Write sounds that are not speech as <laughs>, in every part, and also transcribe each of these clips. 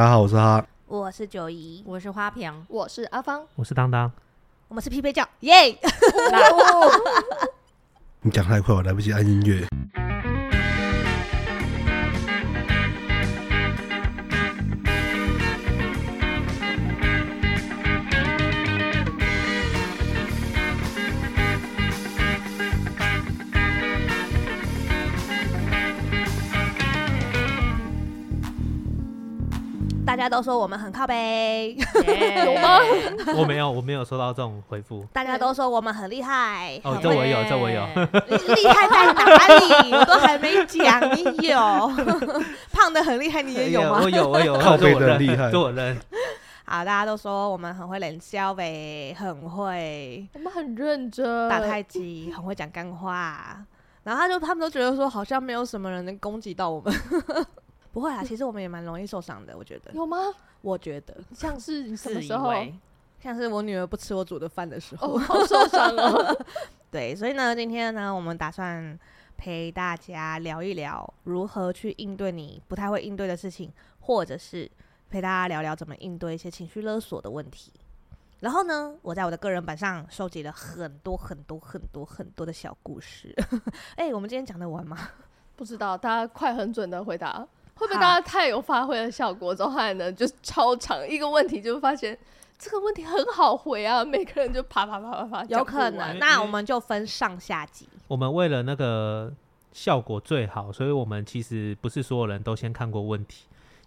大家好，我是哈，我是9 1，我是花瓶，我是阿芳，我是當當，我們是匹配叫耶，yeah! <laughs> <laughs> <laughs> <laughs> 你講太快，我來不及按音樂。大家都說我們很靠北，yeah, 有嗎？ <laughs> 我沒有，我沒有收到這種回覆。大家都說我們很厲害，哦、yeah.，我有，這我有。Yeah. 我有 <laughs> 厲害在哪裡？ <laughs> 我都還沒講， <laughs> 你有 <laughs> 胖的很厲害，你也有嗎？哎、我有，我有， <laughs> 靠北的厲害，多 <laughs> 人。啊， <laughs> 大家都說我們很會冷笑唄， <laughs> 很會。我們很認真，打太極，很會講幹話。 <laughs> 然後他就他們都覺得說，好像沒有什麼人能攻擊到我們。 <laughs> 不會啊，其實我們也蠻容易受傷的，我覺得。有嗎？我覺得像是你什麼時候？像是我女兒不吃我煮的飯的時候，我、哦、好受傷了。 <laughs> 對，所以呢，今天呢，我們打算陪大家聊一聊如何去應對你不太會應對的事情，或者是陪大家聊聊怎麼應對一些情緒勒索的問題。然後呢，我在我的個人版上收集了很多很多很多很多，很多的小故事。哎、 <laughs> 欸，我們今天講得完嗎？不知道，大家快很準的回答。會不會大家太有發揮的效果之後，後來呢就超長一個問題，就發現這個問題很好回啊！每個人就啪啪啪啪啪。有可能，那我們就分上下集。我們為了那個效果最好，所以我們其實不是所有人都先看過問題，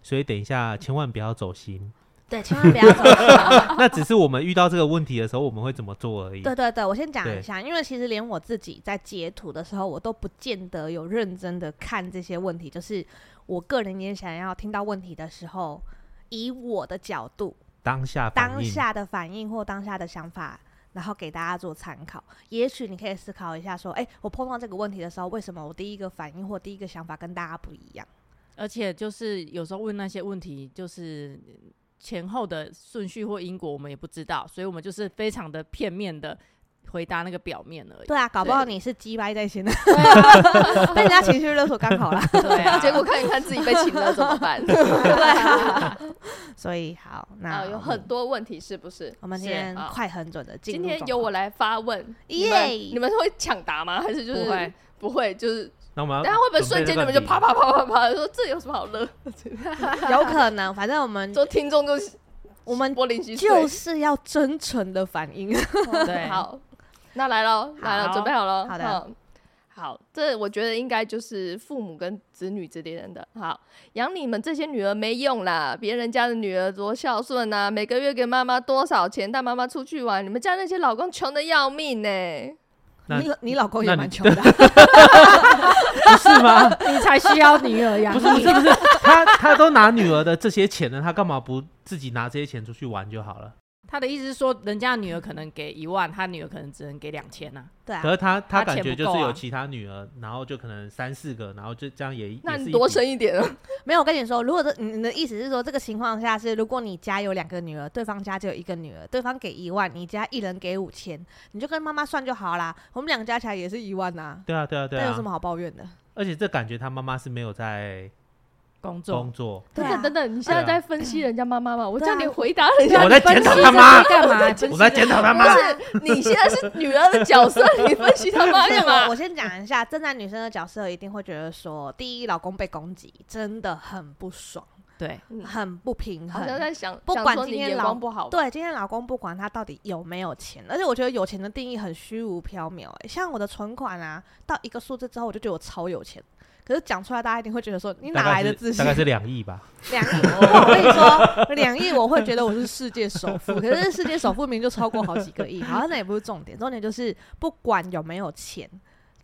所以等一下千萬不要走心。對，千萬不要走心。 <laughs> <laughs> <laughs> <laughs> 那只是我們遇到這個問題的時候，我們會怎麼做而已。對對對，對，我先講一下，因為其實連我自己在截圖的時候，我都不見得有認真的看這些問題，就是。我個人也想要聽到問題的時候，以我的角度，當下當下的反應或當下的想法，然後給大家做參考。也許你可以思考一下，說，哎、欸，我碰到這個問題的時候，為什麼我第一個反應或第一個想法跟大家不一樣？而且，就是有時候問那些問題，就是前後的順序或因果我們也不知道，所以我們就是非常的片面的。回答那個表面而已。對啊，搞不好你是雞歪在先的，那人家情緒勒索剛好啦。對啊，結果看一看自己被親了怎麼辦？ <laughs> 對、啊，所以好，那、哦、有很多問題是不是？我們先快狠準的進入、哦、今天由我來發問，耶、yeah!！你們會搶答嗎？還是就是不會，不會？就是那我們。然後會不會瞬間你們就啪啪啪啪啪說這有什麼好樂？ <laughs> 有可能，反正我們做聽眾就是我們就是要真誠的反應。哦、對好。那來了，來了，準備好了。好的、嗯好，好，這我覺得應該就是父母跟子女之間的。好，養你們這些女兒沒用啦！別人家的女兒多孝順吶、啊，每個月給媽媽多少錢，帶媽媽出去玩。你們家那些老公窮得要命呢、欸。你你老公也蠻蠻窮的， <laughs> <laughs> 不是嗎？ <laughs> 你才需要女兒養你 <laughs> 不，不是？不是不是，他他都拿女兒的這些錢呢？他幹嘛不自己拿這些錢出去玩就好了？他的意思是說，人家女兒可能給一萬， <laughs> 他女兒可能只能給兩千啊。對啊。可是他他感覺就是有其他女兒他錢不夠啊，然後就可能三四個，然後就這樣也。那你多生一點？啊， <laughs> 沒有，我跟你說，如果這你的意思是說，這個情況下是，如果你家有兩個女兒，對方家就有一個女兒，對方給一萬，你家一人給五千，你就跟媽媽算就好啦。我們兩個加起來也是一萬啊。對啊對啊對啊，對啊。那有什麼好抱怨的？而且這感覺他媽媽是沒有在，工作,工作，等等等等、啊，你現在在分析人家媽媽嘛？我叫你回答、啊啊、你 <laughs> 人家，我在檢討她媽幹嘛？我在檢討她媽。不是，你現在是女兒的角色， <laughs> 你分析她媽幹嘛？我先講一下，站在女生的角色一定會覺得說，第一，老公被攻擊真的很不爽，對，很不平衡。我、嗯、在想，不管今天老公不好，對，今天老公不管他到底有沒有錢，而且我覺得有錢的定義很虛無縹緲、欸，像我的存款啊，到一個數字之後，我就覺得我超有錢。可是講出來，大家一定會覺得說，你哪來的自信？大概是兩億吧。兩 <laughs> 億， <laughs> 我跟你說，兩億，我會覺得我是世界首富。 <laughs> 可是世界首富名就超過好幾個億，好像那也不是重點。重點就是不管有沒有錢，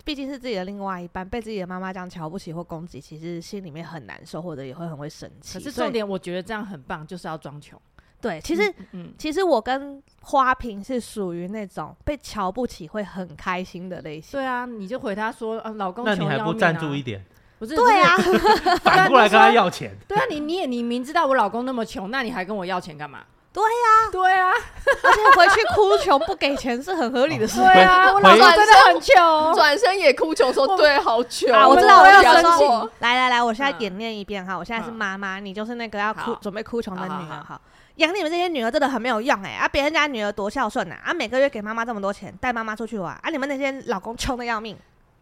畢竟是自己的另外一半，被自己的媽媽這樣瞧不起或攻擊，其實心裡面很難受，或者也會很會生氣。可是重點，我覺得這樣很棒，就是要裝窮。對，其實嗯，嗯，其實我跟花瓶是屬於那種被瞧不起會很開心的類型。對啊，你就回他說，啊、老公那你還不贊助、啊、一點。」不是對呀、啊，反過, <laughs> 反過來跟他要錢。對啊，你你也你,你明知道我老公那麼窮，那你還跟我要錢幹嘛？對呀，對啊，對啊 <laughs> 而且回去哭窮不給錢是很合理的事情。 <laughs> 對啊，我老公真的很窮，轉身,身也哭窮說：“對，好窮啊！”我知道我要生氣。來來來，我現在演練一遍、嗯、哈，我現在是媽媽、嗯，你就是那個要哭準備哭窮的女兒哈。養、啊、你們這些女兒真的很沒有用哎、欸！啊，別人家女兒多孝順吶、啊，啊，每個月給媽媽這麼多錢，帶媽媽出去玩。啊，你們那些老公窮的要命。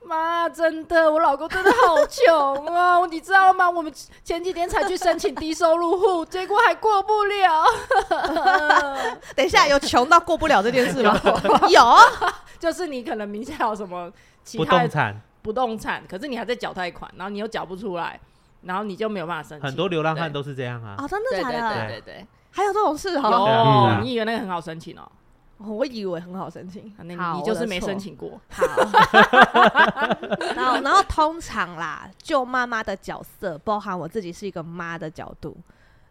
媽、啊，真的，我老公真的好窮啊、哦， <laughs> 你知道嗎？我們前幾天才去申請低收入戶， <laughs> 結果還過不了。 <laughs> <laughs> 等一下，有窮到過不了這件事嗎？有， <laughs> 有 <laughs> 就是你可能名下有什麼其他的不，動不動產，不動產，可是你還在繳貸款，然後你又繳不，不出來，然後你就沒有辦法申請。很多流浪漢都是這樣啊。哦、真的假的、啊？對對對，對，對，還有這種事哈、哦啊。你以為那個很好申請哦。我以為很好申請。好，那你就是沒申請過。好， <laughs> <laughs> <laughs> <laughs> 然後，然後通常啦，就媽媽的角色，包含我自己是一個媽的角度，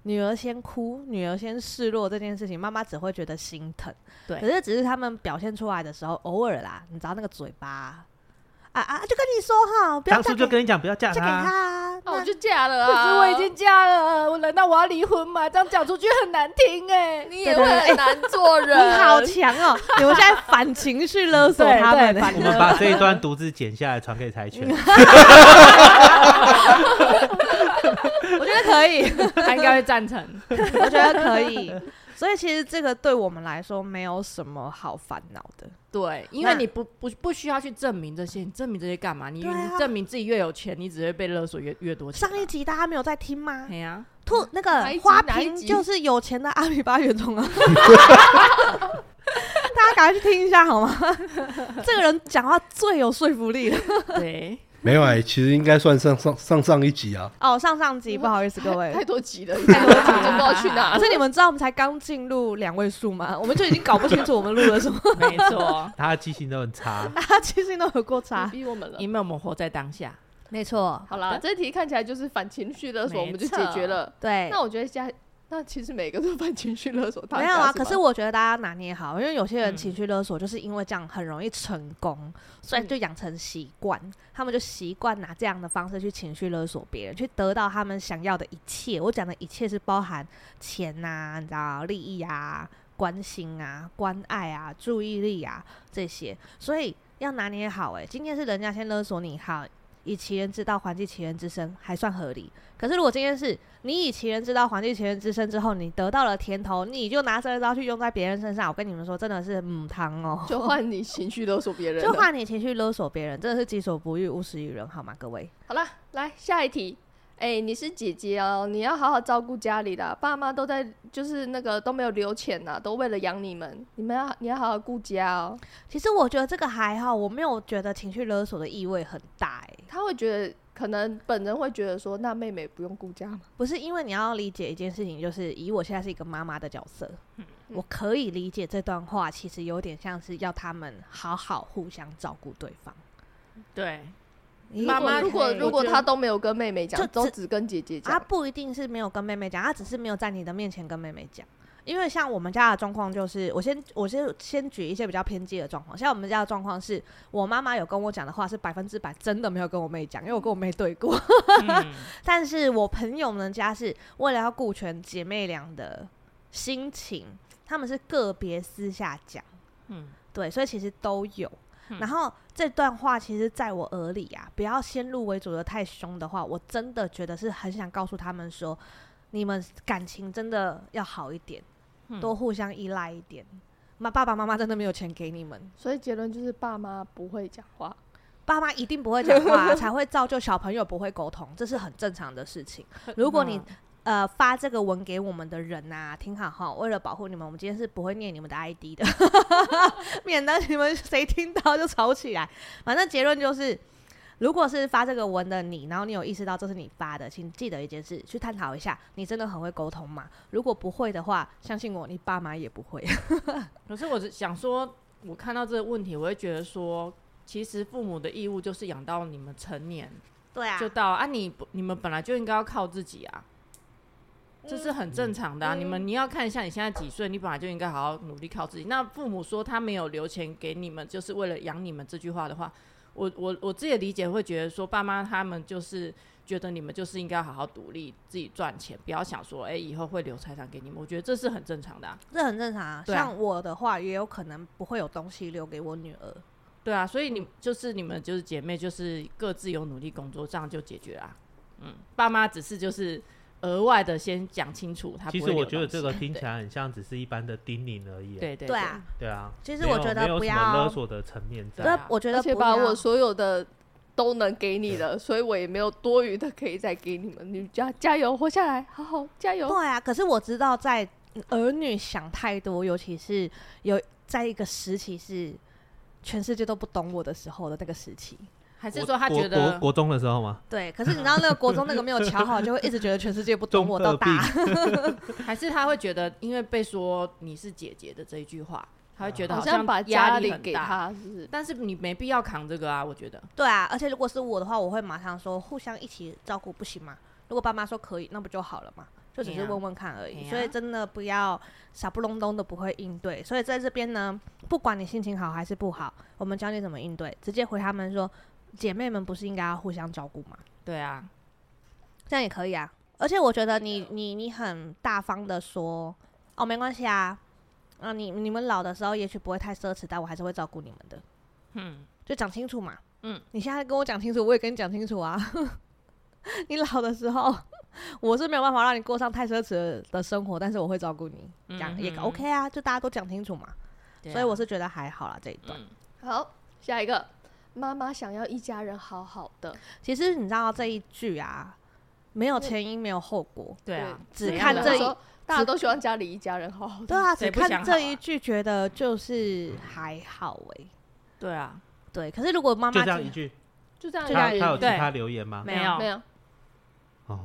女兒先哭，女兒先示弱這件事情，媽媽只會覺得心疼。對。可是只是他們表現出來的時候，偶爾啦，你知道那個嘴巴。啊,啊就跟你說哈，當初就跟你講不要嫁他,、啊給他啊啊，我就嫁了啊！我已經嫁了，我難道我要離婚嗎？這樣講出去很難聽哎、欸，你也會很難做人，好強哦！你、喔、 <laughs> 們現在反情緒勒索他們，我們把這一段獨自剪下來傳給柴犬， <laughs> <laughs> 我覺得可以，他應該會贊成，我覺得可以。所以其實這個對我們來說沒有什麼好煩惱的，對，因為你不不不需要去證明這些，你證明這些幹嘛你、啊？你證明自己越有錢，你只會被勒索越越多錢。上一集大家沒有在聽嗎？對、啊、吐、那個花瓶就是有錢的阿米巴原蟲啊， <laughs> <laughs> <laughs> <laughs> <laughs> 大家趕快去聽一下好嗎？ <laughs> 這個人講話最有說服力了， <laughs> 對。沒有哎、啊，其實應該算上上上上一集啊。哦，上上集，不好意思各位，太，太，多 <laughs> 太多集了，太多集了， <laughs> 就不知道去哪、啊。可是你們知道我們才剛進入兩位數嗎？ <laughs> 我們就已經搞不清楚我們錄了什麼。 <laughs> 沒錯，大 <laughs> 家記性都很差，大家記性都有夠差，逼我們了。因為我們活在當下。沒錯，好啦，這題看起來就是反情緒勒索我們就解決了。對，那我覺得現在。那其實每個人都犯情緒勒索他是是，沒有啊。可是我覺得大家拿捏好，因為有些人情緒勒索就是因為這樣很容易成功，嗯、所以就養成習慣，他們就習慣拿這樣的方式去情緒勒索別人，去得到他們想要的一切。我講的一切是包含錢吶、啊、你知道、啊、利益啊、關心啊、關愛啊、注意力啊這些，所以要拿捏好、欸。誒，今天是人家先勒索你好，哈。以其人之道還治其人之身還算合理。可是如果今天是你以其人之道還治其人之身之後，你得到了甜頭，你就拿這招去用在別人身上，我跟你們說，真的是母湯哦！就換你情緒勒索別人，就換你情緒勒索別人，真的是己所不欲勿施於人，好嗎，各位？好了，來下一題。哎、欸，你是姐姐哦，你要好好照顧家裡啦，爸媽，都在，就是那個都沒有留錢啦，都為了養你們。你們要你要好好顧家哦。其實我覺得這個還好，我沒有覺得情緒勒索的意味很大、欸。他會覺得，可能本人會覺得說，那妹妹不用顧家嗎？不是因為你要理解一件事情，就是以我現在是一個媽媽的角色、嗯，我可以理解這段話，其實有點像是要他們好好互相照顧對方。對。媽、欸、媽，媽媽如果 okay, 如果她都沒有跟妹妹講，都只跟姐姐講。她、啊、不一定是沒有跟妹妹講，她只是沒有在你的面前跟妹妹講。因為像我們家的狀況就是，我先我先先舉一些比較偏激的狀況。像我們家的狀況是，我媽媽有跟我講的話是百分之百真的沒有跟我妹講，因為我跟我妹對過。嗯、 <laughs> 但是我朋友們家是為了要顧全姐妹倆的心情，他們是個別私下講。嗯，對，所以其實都有。嗯、然後這段話其實在我耳裡啊，不要先入為主的太凶的話，我真的覺得是很想告訴他們說，你們感情真的要好一點，嗯、多互相依賴一點。媽，爸爸媽媽真的沒有錢給你們，所以結論就是爸媽不會講話，爸媽一定不會講話、啊， <laughs> 才會造就小朋友不會溝通，這是很正常的事情。如果你。嗯呃，發這個文給我們的人啊，聽好哈。為了保護你們，我們今天是不會念你們的 ID 的， <laughs> 免得你們誰聽到就吵起來。反正結論就是，如果是發這個文的你，然後你有意識到這是你發的，請記得一件事，去探討一下，你真的很會溝通嗎？如果不會的話，相信我，你爸媽也不會。 <laughs> 可是我想說，我看到這個問題，我會覺得說，其實父母的義務就是養到你們成年，對啊，就到啊你，你你們本來就應該要靠自己啊。這是很正常的啊、嗯！你們你要看一下你現在幾歲，你本來就應該好好努力靠自己。那父母說他沒有留錢給你們，就是為了養你們這句話的話，我我我自己的理解會覺得說，爸媽他們就是覺得你們就是應該好好獨立，自己賺錢，不要想說，哎、欸，以後會留財產給你們。我覺得這是很正常的啊，這很正常啊。像我的話，也有可能不會有東西留給我女兒。對啊，對啊，所以你就是你們就是姐妹，就是各自有努力工作，這樣就解決了。嗯，爸媽只是就是。額外的先講清楚，他其實我覺得這個聽起來很像只是一般的叮嚀而已。 <laughs> 對，對，對，對對啊，對啊。其實就是我啊，我覺得不要，沒有什麼勒索的層面在啊，而且把我所有的都能給你了，所以我也沒有多餘的可以再給你們。你加加油，活下來，好好加油。對啊，可是我知道在兒女想太多，尤其是有在一個時期是全世界都不懂我的時候的那個時期。還是說他覺得國國中的時候嗎？對，可是你知道那個國中那個沒有瞧好， <laughs> 就會一直覺得全世界不懂我都大。 <laughs> 還是他會覺得，因為被說你是姐姐的這一句話，他會覺得好像把壓力給他， <laughs> 是不是？但是你沒必要扛這個啊，我覺得。對啊，而且如果是我的話，我會馬上說互相一起照顧，不行嗎？如果爸媽說可以，那不就好了嘛？就只是問問看而已。Yeah. 所以真的不要傻不隆咚的不會應對。所以在這邊呢，不管你心情好還是不好，我們教你怎麼應對，直接回他們說。姐妹們不是應該要互相照顧嗎？對啊，這樣也可以啊。而且我覺得你你你很大方的說哦沒關係啊，啊你你們老的時候也許不會太奢侈，但我還是會照顧你們的。嗯，就講清楚嘛。嗯，你現在跟我講清楚，我也跟你講清楚啊。 <laughs> 你老的時候，我是沒有辦法讓你過上太奢侈的生活，但是我會照顧你。講、嗯、也、嗯、OK 啊，就大家都講清楚嘛、啊。所以我是覺得還好啦這一段、嗯。好，下一個。媽媽想要一家人好好的。其實你知道這一句啊，沒有前因，嗯，沒有前因，嗯，沒有後果，對啊，只看這一，大家都喜歡家裡一家人好好的，對啊，啊只看這一句覺得就是還好哎，欸，對啊，對。可是如果媽媽就這樣一句，就這樣一句，就這樣一句他，他有其他留言嗎？沒沒有，沒有。哦，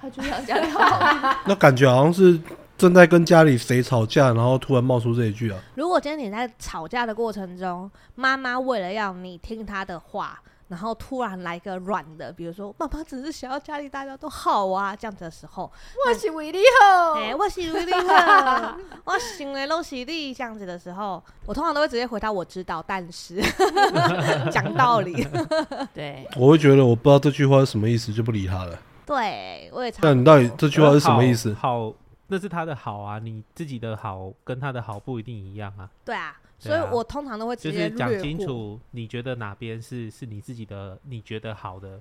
他就這樣好好， <laughs> <laughs> 那感覺好像是。正在跟家裡誰吵架，然後突然冒出這一句啊？如果今天你在吵架的過程中，媽媽為了要你聽她的話，然後突然來一個軟的，比如說媽媽只是想要家裡大家都好啊，這樣子的時候，我是為你好，哎，我是為你好，欸、我心裡都是你，這樣子的時候，我通常都會直接回答我知道，但是講 <laughs> 道理。 <laughs> 對，我會覺得我不知道這句話是什麼意思，就不理他了。對，我也差不多。但你到底這句話是什麼意思？嗯、好。好那是他的好啊，你自己的好跟他的好不一定一樣啊。對啊，對啊，所以我通常都會直接講，就是講清楚，你覺得哪邊是是你自己的，你覺得好的。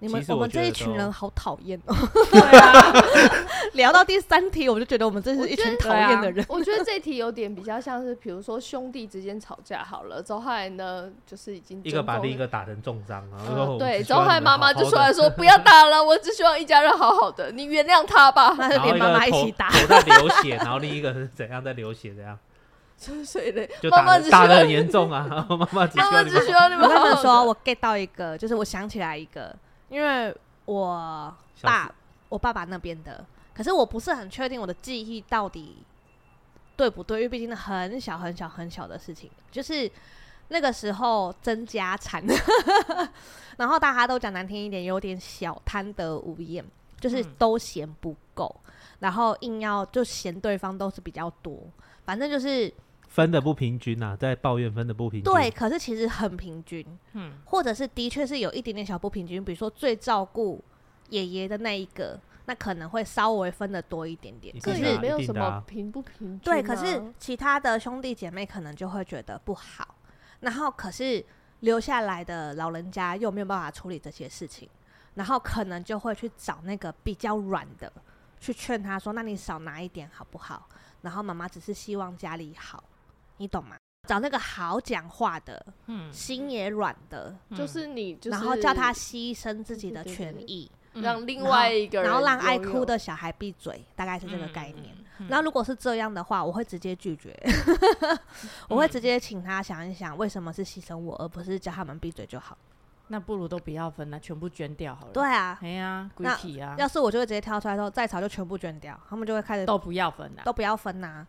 你們我，我們這一群人好討厭哦！對啊， <laughs> 聊到第三題，我就覺得我們真是一群討厭的人。我覺得、啊、 <laughs> 我覺得這題有點比較像是，譬如說兄弟之間吵架，好了，周海呢就是已經了一個把另一個打成重傷啊。對、嗯，周海媽媽就出來說：“不要打了，我只希望一家人好好的，你原諒他吧。”然後連媽媽一起打，流血， <laughs> 然後另一個是怎樣在流血這樣？所以咧，打的嚴重啊！媽 <laughs> 媽只希望你們好，媽媽你們好，好。媽媽我們說，我 get 到一個，就是我想起來一個。因為我爸，我爸爸那邊的，可是我不是很確定我的記憶到底對不對，因為畢竟很小很小很小的事情，就是那個時候爭家產，然後大家都講難聽一點，有點小貪得無厭，就是都嫌不夠，嗯，然後硬要就嫌對方都是比較多，反正就是。分的不平均吶、啊，在抱怨分的不平均。對，可是其實很平均，嗯，或者是的確是有一點點小不平均。比如說最照顧爺爺的那一個，那可能會稍微分得多一點點。可是也沒有什麼平不平均、啊。對，可是其他的兄弟姐妹可能就會覺得不好。然後可是留下來的老人家又沒有辦法處理這些事情，然後可能就會去找那個比較軟的去勸他說：“那你少拿一點好不好？”然後媽媽只是希望家裡好。你懂嗎？找那個好講話的，嗯，心也軟的，就是你，然後叫他犧牲自己的權益，嗯嗯、讓另外一個人，然後讓愛哭的小孩閉嘴、嗯，大概是這個概念。那、嗯嗯、如果是這樣的話，我會直接拒絕， <laughs> 我會直接請他想一想，為什麼是犧牲我，而不是叫他們閉嘴就好、嗯？那不如都不要分了、啊，全部捐掉好了。對啊，沒呀、啊，貴體啊，啊！要是我就會直接跳出來之後再吵就全部捐掉，他們就會開始都不要分了，都不要分吶、啊。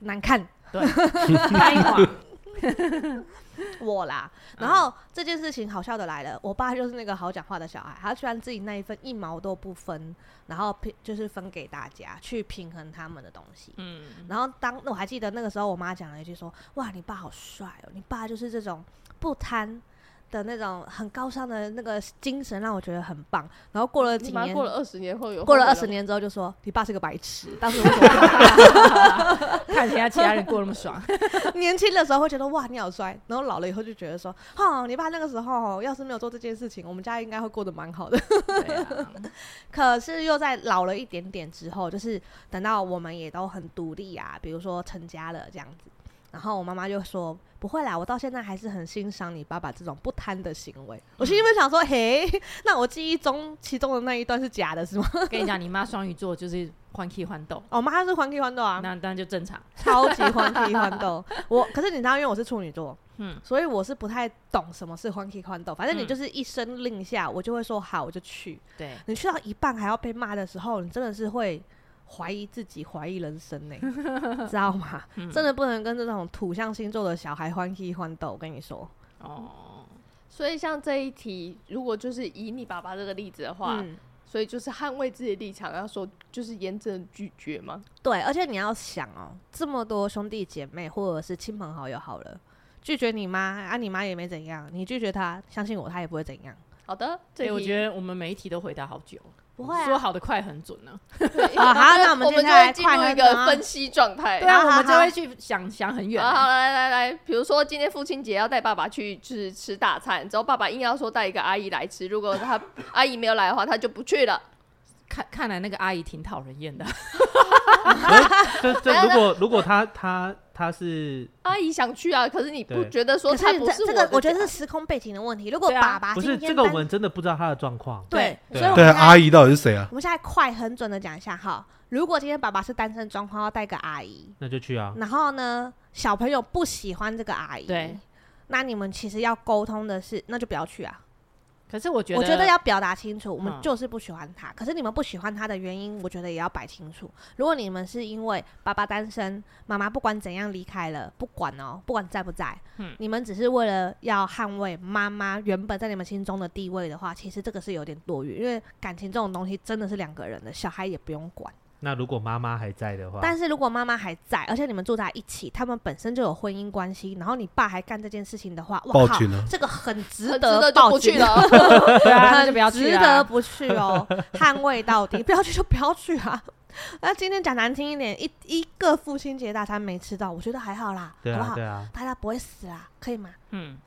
難看，對，貪 <laughs> 玩太謊， <laughs> <laughs> 我啦。然後、嗯、這件事情好笑的來了，我爸就是那個好講話的小孩，他居然自己那一份一毛都不分，然後平就是分給大家去平衡他們的東西。嗯，然後當我還記得那個時候，我媽講了一句說：“哇，你爸好帥哦，你爸就是這種不貪。”的那種很高尚的那個精神讓我覺得很棒。然後，過了幾年，過了二十年後，有後，過了二十年之後就說：“你爸是個白痴。 <laughs> 爸爸好好啊”但是我看人家其他人過那麼爽， <laughs> <laughs> 年輕的時候會覺得哇，你好帥，然後老了以後就覺得說：“哈，你爸那個時候要是沒有做這件事情，我們家應該會過得蠻好的。 <laughs> 啊”可是又在老了一點點之後，就是等到我們也都很獨立啊，比如說成家了這樣子。然後我媽媽就說：“不會啦，我到現在還是很欣賞你爸爸這種不貪的行為。嗯”我心裡面想說：“嘿，那我記憶中其中的那一段是假的，是嗎？”跟你講，你媽雙魚座就是歡喜歡鬥。我媽是歡喜歡鬥啊，那當然就正常，超級歡喜歡鬥 <laughs> 我可是你知道，因為我是處女座，嗯，所以我是不太懂什麼是歡喜歡鬥。反正你就是一聲令下，嗯，我就會說好，我就去。對，你去到一半還要被罵的時候，你真的是會。懷疑自己，懷疑人生呢、欸， <laughs> 知道嗎、嗯？真的不能跟這種土象星座的小孩歡喜歡鬥。我跟你說，哦，所以像這一題，如果就是以你爸爸這個例子的話，嗯、所以就是捍衛自己的立場，要說就是嚴正拒絕嗎？對，而且你要想哦，這麼多兄弟姐妹或者是親朋好友，好了，拒絕你媽啊，你媽也沒怎樣，你拒絕他，相信我，他也不會怎樣。好的，所以、欸、我覺得我們每一題都回答好久。不會啊、說好的快很準呢？啊，好、 <laughs> 啊啊啊啊啊，那我們，我們就會進入一個分析狀態、啊。對啊，啊，我們就會去想、啊、想很遠、啊啊。好，來來來，比如說今天父親節要帶爸爸去吃，就是吃大餐，之後爸爸硬要說帶一個阿姨來吃，如果他 <coughs> 阿姨沒有來的話，他就不去了。看，看來那個阿姨挺討人厭的 <laughs> 、欸。這這，如果如果他她她 <laughs> 是阿姨想去啊，可是你不覺得說她。是不是這個？我覺得是時空背景的問題。如果、啊、爸爸不是這個，我們真的不知道他的狀況，對，所以對、啊、阿姨到底是誰啊？我們現在快很準的講一下，哈。如果今天爸爸是單身狀況，要帶個阿姨，那就去啊。然後呢，小朋友不喜歡這個阿姨，對，那你們其實要溝通的是，那就不要去啊。可是我覺得，我覺得要表達清楚、嗯，我們就是不喜歡他。可是你們不喜歡他的原因，我覺得也要擺清楚。如果你們是因為爸爸單身，媽媽不管怎樣離開了，不管哦、喔，不管在不在、嗯，你們只是為了要捍衛媽媽原本在你們心中的地位的話，其實這個是有點多餘。因為感情這種東西真的是兩個人的，小孩也不用管。那如果媽媽還在的話，但是如果媽媽還在，而且你們住在一起，他們本身就有婚姻關係，然後你爸還幹這件事情的話，哇靠，靠，這個很值得不去的，了 <laughs> 對啊，要值得不去哦，捍 <laughs> 衛到底，不要去就不要去啊。 <laughs> 那今天講難聽一點，一一個父親節大餐沒吃到，我覺得還好啦，對啊，好不好？對啊對啊。大家不會死啊，可以嗎？嗯。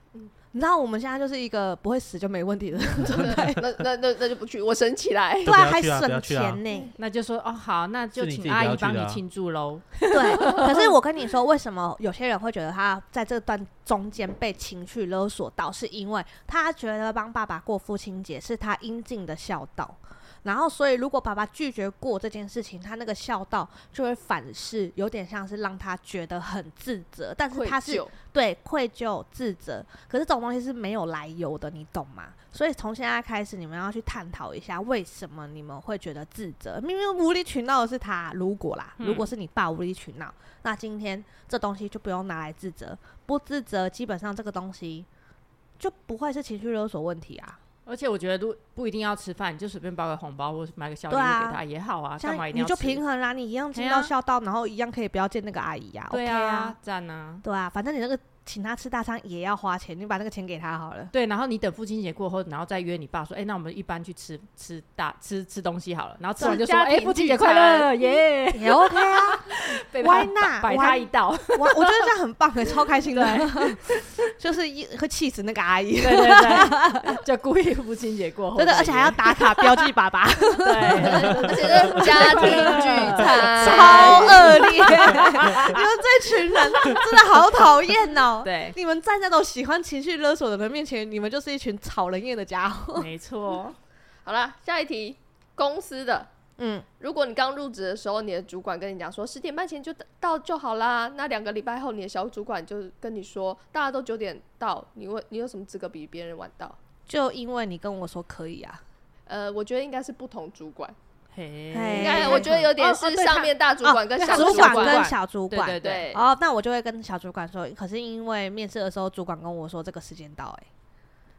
你知道，我們現在就是一個不會死就沒問題了，對不對？ <laughs> 那那那那就不去，我省起來，對、 <laughs> 欸、啊，還省錢呢。那就說哦，好，那就請阿姨你、啊、幫你慶祝嘍。 <laughs> 對，可是我跟你說，為什麼有些人會覺得他在這段中間被情緒勒索到，是因為他覺得幫爸爸過父親節是他應盡的孝道。然後，所以如果爸爸拒絕過這件事情，他那個孝道就會反噬，有點像是讓他覺得很自責。但是他是愧疚，對愧疚、自責，可是這種東西是沒有來由的，你懂嗎？所以從現在開始，你們要去探討一下，為什麼你們會覺得自責？明明無理取鬧的是他。如果啦、嗯，如果是你爸無理取鬧，那今天這東西就不用拿來自責。不自責，基本上這個東西就不會是情緒勒索問題啊。而且我覺得都不一定要吃飯，就隨便包個紅包或買個小禮物給他、啊、也好啊。幹嘛，一定要你就平衡啦、啊，你一樣盡到孝道、啊，然後一樣可以不要見那個阿姨呀、啊。對啊，讚、OK、啊，啊，對啊，反正你那個。請他吃大餐也要花錢，你把那個錢給他好了。對，然後你等父親節過後，然後再約你爸說：“哎、欸，那我們一般去吃吃大吃吃東西好了。”然後吃完就說：“哎，父親節快樂，耶！”也、欸、OK 啊，歪那擺他一道，哇，我覺得這樣很棒、欸，哎，超開心的，對 <laughs> 就是一會氣死那個阿姨。對對對， <laughs> 就故意父親節過後，對的，而且還要打卡 <laughs> 標記爸爸。對，而且是家庭聚餐 <laughs> 超惡劣，你 <laughs> 說 <laughs> 這群人真的好討厭哦。對，你們站在那種喜歡情緒勒索的人面前，你們就是一群討人厭的傢伙。沒錯，好了，下一題，公司的，嗯，如果你剛入職的時候，你的主管跟你講說十點半前就到就好啦，那兩個禮拜後，你的小主管就跟你說大家都九點到，你問你有什麼資格比別人晚到？就因為你跟我說可以啊。呃，我覺得應該是不同主管。哎， <music> 應我覺得有點是上面大主管跟小主管跟小主管， <music> 對對對。哦，那我就會跟小主管說，可是因為面試的時候主管跟我說這個時間到。欸，哎，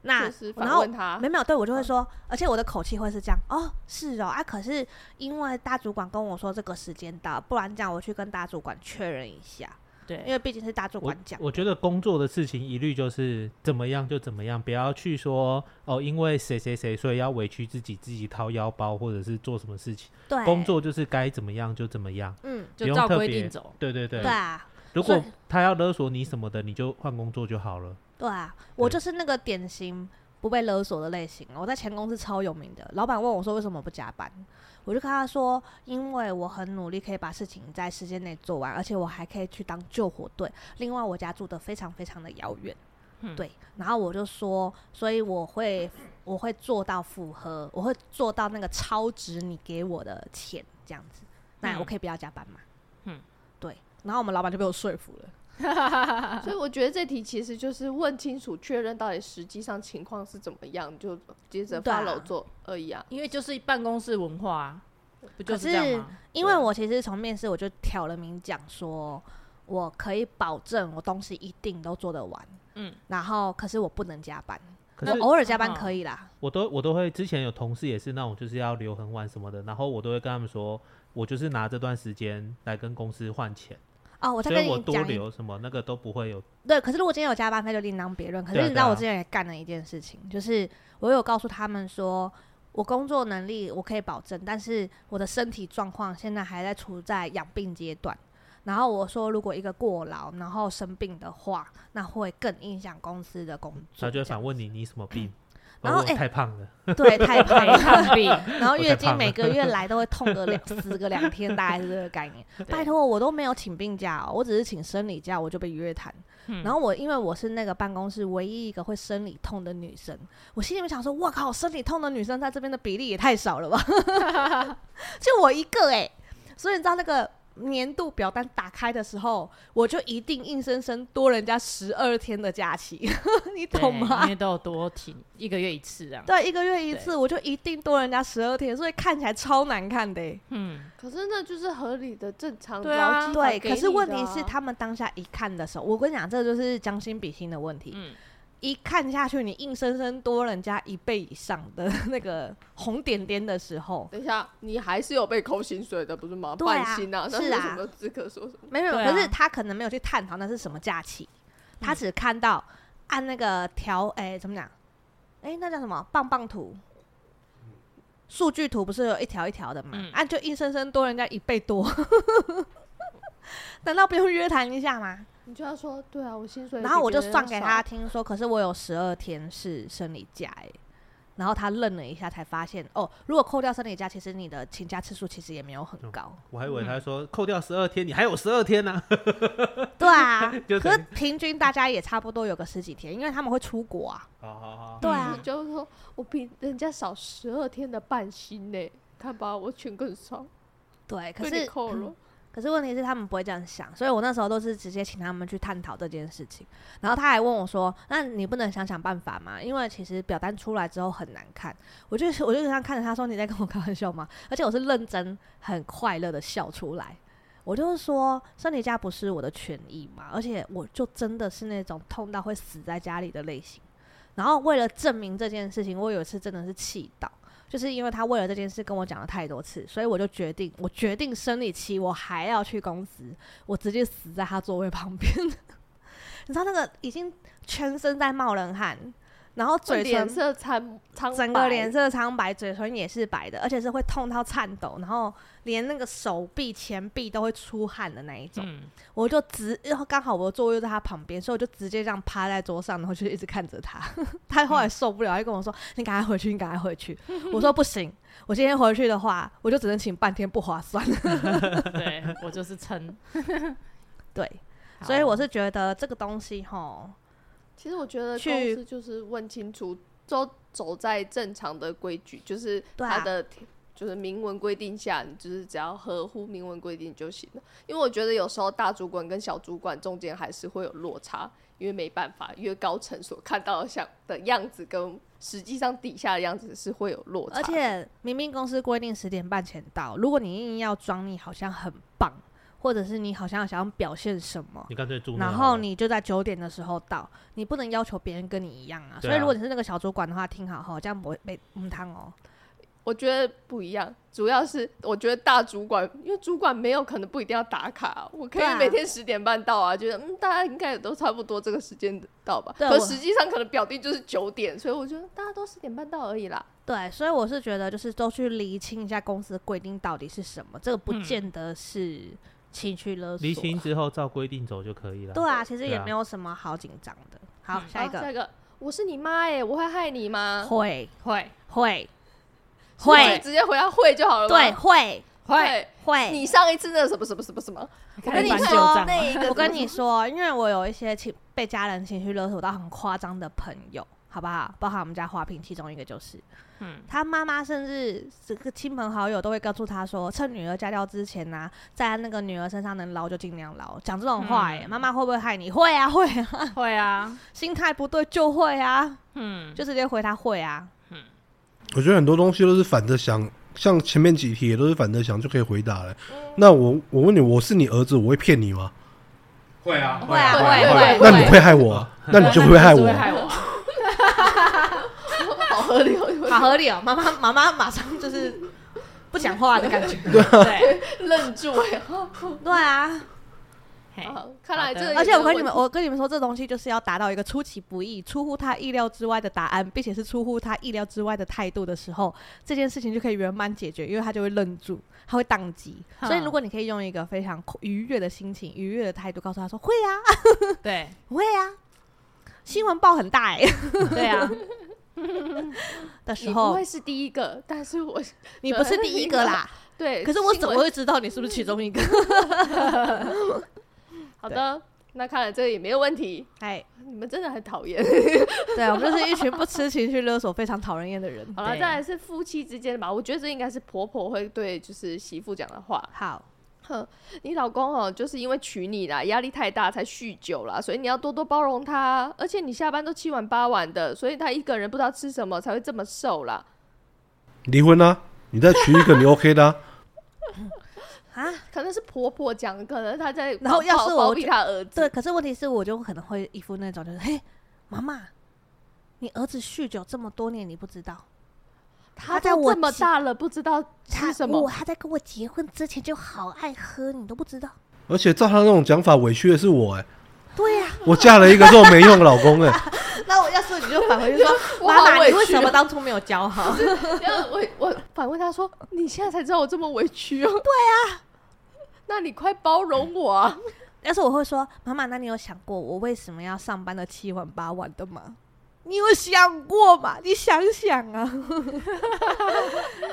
那然後沒沒有，對我就會說，而且我的口氣會是這樣，哦，是哦，啊，可是因為大主管跟我說這個時間到，不然這樣我去跟大主管確認一下。對，因為畢竟是大主管講。我覺得工作的事情一律就是怎麼樣就怎麼樣，不要去說哦，因為誰誰誰，所以要委屈自己，自己掏腰包，或者是做什麼事情。對，工作就是該怎麼樣就怎麼樣，嗯，就照規定走。對對對。對啊，如果他要勒索你什麼的，啊、你就換工作就好了。對啊，對我就是那個典型不被勒索的類型。我在前公司超有名的，老闆問我說為什麼不加班。我就跟他說，因為我很努力，可以把事情在時間內做完，而且我還可以去當救火隊。另外，我家住得非常非常的遙遠。嗯，對。然後我就說，所以我會我會做到符合，我會做到那個超值你給我的錢這樣子。嗯，那我可以不要加班嘛？嗯，對。然後我們老闆就被我說服了。 <laughs> <laughs> 所以我覺得這題其實就是問清楚、確認到底實際上情況是怎麼樣，就接着 follow、啊、做而已啊。因為就是辦公室文化、啊，不就是這樣嗎？可是因為我其實從面試我就挑了明講說，我可以保證我東西一定都做得完，嗯。然後可是我不能加班，可是偶爾加班可以啦。啊、我都我都會之前有同事也是那種就是要留很晚什麼的，然後我都會跟他們說，我就是拿這段時間來跟公司換錢。哦，我在跟你講，所以我多留什麼那個都不會有。對，可是如果今天有加班費，就另當別論。可是你知道我之前也幹了一件事情，就是我有告訴他們說我工作能力我可以保證，但是我的身體狀況現在還在處在養病階段。然後我說，如果一個過勞然後生病的話，那會更影響公司的工作。他、嗯、就想問你，你什麼病？然後、哦我太胖欸，太胖對，太胖了，對，太胖，然後月經每個月來都會痛個兩、了四個兩天，大概是這個概念。 <laughs> 拜托我，我都沒有請病假哦，我只是請生理假，我就被約談。嗯、然後我因為我是那個辦公室唯一一個會生理痛的女生，我心裡面想說，哇靠，生理痛的女生在這邊的比例也太少了吧， <laughs> 就我一個哎、欸，所以你知道那個。年度表單打開的時候，我就一定硬生生多人家十二天的假期， <laughs> 你懂嗎？一年都有多停一個月一次啊。對，一個月一次，我就一定多人家十二天，所以看起來超難看的、欸嗯。可是那就是合理的、正常的勞資方給你的、啊對，啊、對，可是問題是，他們當下一看的時候，我跟你講，這就是將心比心的問題。嗯一看下去，你硬生生多人家一倍以上的那個紅點點的時候，等一下你還是有被扣薪水的，不是嗎？啊半薪啊，是啊，有什麼資格說什麼？啊、沒有，沒有、啊，可是他可能沒有去探討那是什麼假期，啊、他只看到按那個條，哎、欸，怎麼講？哎、欸，那叫什麼棒棒圖？數據圖不是有一條一條的嘛、嗯，啊，就硬生生多人家一倍多， <laughs> 難道不用約談一下嗎？你就要說對啊，我薪水。然後我就算給他聽說，可是我有十二天是生理假哎、欸，然後他愣了一下，才發現哦、喔，如果扣掉生理假，其實你的請假次數其實也沒有很高。嗯、我還問他說、嗯，扣掉十二天，你還有十二天呢、啊。 <laughs> 對啊， <laughs> 可是平均大家也差不多有個十幾天，因為他們會出國啊。啊對啊，嗯、就是說我比人家少十二天的半薪呢、欸？看把我錢更少。對，可是扣了。嗯可是問題是他們不會這樣想，所以我那時候都是直接請他們去探討這件事情。然後他還問我說：“那你不能想想辦法嗎？”因為其實表單出來之後很難看。我就我就這樣看着他說：“你在跟我開玩笑嗎？”而且我是認真很快樂的笑出來。我就是說，生理假不是我的權益嘛，而且我就真的是那種痛到會死在家裡的類型。然後為了證明這件事情，我有一次真的是氣到。就是因為他為了這件事跟我講了太多次，所以我就決定，我決定生理期我還要去公司，我直接死在他座位旁邊。 <laughs> 你知道那個已經全身在冒冷汗。然後嘴唇臉色蒼白，整個臉色蒼白，嘴唇也是白的，而且是會痛到顫抖，然後連那個手臂前臂都會出汗的那一種。嗯、我就直，然後剛好我的座位又在他旁邊，所以我就直接這樣趴在桌上，然後就一直看着他。 <laughs> 他後來受不了，嗯、他就跟我說：“你趕快回去，你趕快回去。 <laughs> ”我說：“不行，我今天回去的話，我就只能請半天，不划算。 <laughs> 對”對我就是撐。 <laughs> 對，所以我是覺得這個東西齁。其實我覺得，公司就是問清楚，都走，走在正常的規矩，就是他的、啊、就是明文規定下，你就是只要合乎明文規定就行了。因為我覺得有時候大主管跟小主管中間還是會有落差，因為沒辦法，因為高層所看到像的樣子跟實際上底下的樣子是會有落差。而且明明公司規定十點半前到，如果你硬要裝你好像很棒。或者是你好像想要表現什麼？然後你就在九點的時候到，你不能要求別人跟你一樣啊，啊。所以如果你是那個小主管的話，聽好吼，這樣不會被不湯哦。我覺得不一樣，主要是我覺得大主管，因為主管沒有可能不一定要打卡、喔，我可以每天十點半到啊。覺得嗯，大家應該也都差不多這個時間到吧。但實際上可能表定就是九點，所以我覺得大家都十點半到而已啦。對，所以我是覺得就是都去釐清一下公司的規定到底是什麼，這個不見得是。嗯情緒勒索，離親之後照規定走就可以了。對啊，其實也沒有什麼好緊張的、啊。好，下一個、啊，下一個，我是你媽哎，我會害你嗎？會會會會，會是是直接回到會就好了嗎。對，會會會。你上一次那什麼什麼什麼什麼？我跟你說，跟你說、哦、那一個，我跟你說，因為我有一些情被家人情緒勒索到很誇張的朋友，好不好？包括我們家花瓶，其中一個就是。他媽媽甚至這個親朋好友都會告訴他說：“趁女兒嫁掉之前呢、啊，在那個女兒身上能撈就盡量撈。”講這種話、欸，媽、嗯、媽會不會害你？會啊，會啊，會啊！心態不對就會啊，嗯，就直接回他會啊。嗯，我覺得很多東西都是反着想，像前面幾題也都是反着想就可以回答了、欸嗯。那我我問你，我是你兒子，我會騙你嗎？會啊，會啊，會啊會、啊。會啊會啊、對對對，那你會害我？ <laughs> 啊、那你就會害我。嗯 <laughs> 好合理哦！媽媽，媽媽馬上就是不講話的感覺， <laughs> 對，愣對 <laughs> 住哎、欸，對啊。好好好好好看來這個也是……而且我跟你們，我跟你們說，這個、東西就是要達到一個出其不意、出乎他意料之外的答案，並且是出乎他意料之外的態度的時候，這件事情就可以圓滿解決，因為他就會愣住，他會宕機、嗯。所以，如果你可以用一個非常愉悅的心情、愉悅的態度，告訴他說：“會呀、啊， <laughs> 對，會呀、啊。”新聞報很大哎、欸， <laughs> 對啊。的時候，你不會是第一個，但是我你不是第一個啦，對。可是我怎麼會知道你是不是其中一個？ <laughs> <laughs> 好的，那看來這個也沒有問題。哎、hey，你們真的很討厭， <laughs> 對啊，我們就是一群不吃情緒勒索、非常討人厭的人。 <laughs> 好了，再來是夫妻之間吧。我覺得這應該是婆婆會對就是媳婦講的話。好。哼，你老公哦、喔，就是因為娶你啦，壓力太大才酗酒啦，所以你要多多包容他。而且你下班都七晚八晚的，所以他一個人不知道吃什麼，才會這麼瘦啦。離婚呢、啊？你再娶一個，你 OK 的啊、 <laughs> <laughs> 嗯？啊，可能是婆婆講，可能他在包包包她然後要是我逼他兒子，對，可是問題是我就可能會一副那種就是，嘿，媽媽，你兒子酗酒這麼多年，你不知道。他在我這麼大了，他不知道吃什麼他，哦。他在跟我結婚之前就好愛喝，你都不知道。而且照他那種講法，委屈的是我哎，欸。對呀，啊。 <laughs> 我嫁了一個這沒用的老公哎，欸 <laughs> 啊。那我要是你就反回去說，媽 <laughs> 媽，你為什麼當初沒有教好？我我，我反問他說，你現在才知道我這麼委屈哦，啊。 <laughs> 對啊。那你快包容我，啊 <laughs> 嗯。要是我會說，媽媽，那你有想過我為什麼要上班的七晚八晚的嗎？你有想過嗎？你想想啊， <laughs>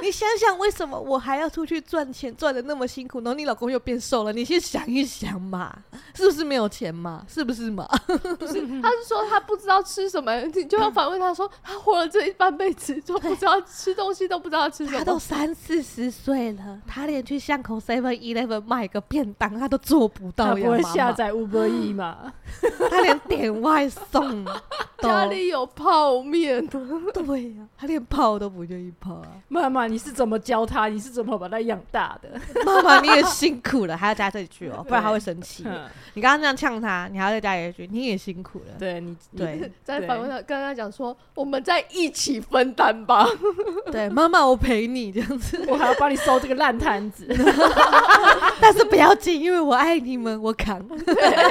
你想想為什麼我還要出去賺錢，賺的那麼辛苦，然後你老公又變瘦了？你先想一想嘛，是不是沒有錢嘛？是不是嘛？ <laughs> 不是，他是說他不知道吃什麼、欸，你就要反問他說，他活了這一半輩子，就不知道吃東西都不知道吃什麼。他都三四十歲了，他連去巷口 Seven Eleven 買個便當他都做不到，他不會下載 Uber Eats 嗎？ <laughs> 他連點外送， <laughs> 家裡有。泡麵的，對呀、啊，他連泡都不願意泡啊！媽媽，你是怎麼教他？你是怎麼把他養大的？媽媽你也辛苦了， <laughs> 還要加這一句哦，不然他會生氣。你剛剛那樣嗆他，你還要再加一句，你也辛苦了。對你對，你在反問上剛剛講說，我們在一起分擔吧。 <laughs> 對，媽媽我陪你這樣子，我還要幫你收這個爛攤子。 <laughs> <laughs> 但是不要緊，因為我愛你們，我扛。Okay.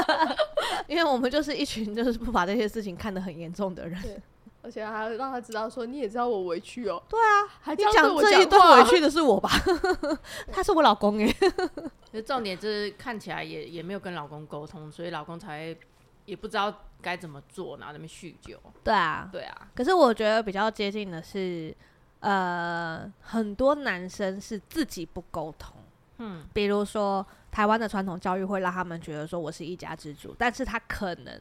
<laughs> <laughs> 因為我們就是一群就是不把這些事情看得很嚴重的人，而且還讓他知道說你也知道我委屈哦、喔。對啊，你講這、啊、這一段委屈的是我吧？ <laughs> 對 <laughs> 他是我老公耶。 <laughs> 就重點就是看起來也也沒有跟老公溝通，所以老公才也不知道該怎麼做，然後那邊酗酒。對啊，對啊。可是我覺得比較接近的是，呃，很多男生是自己不溝通。嗯，比如說台灣的傳統教育會讓他們覺得說我是一家之主，但是他可能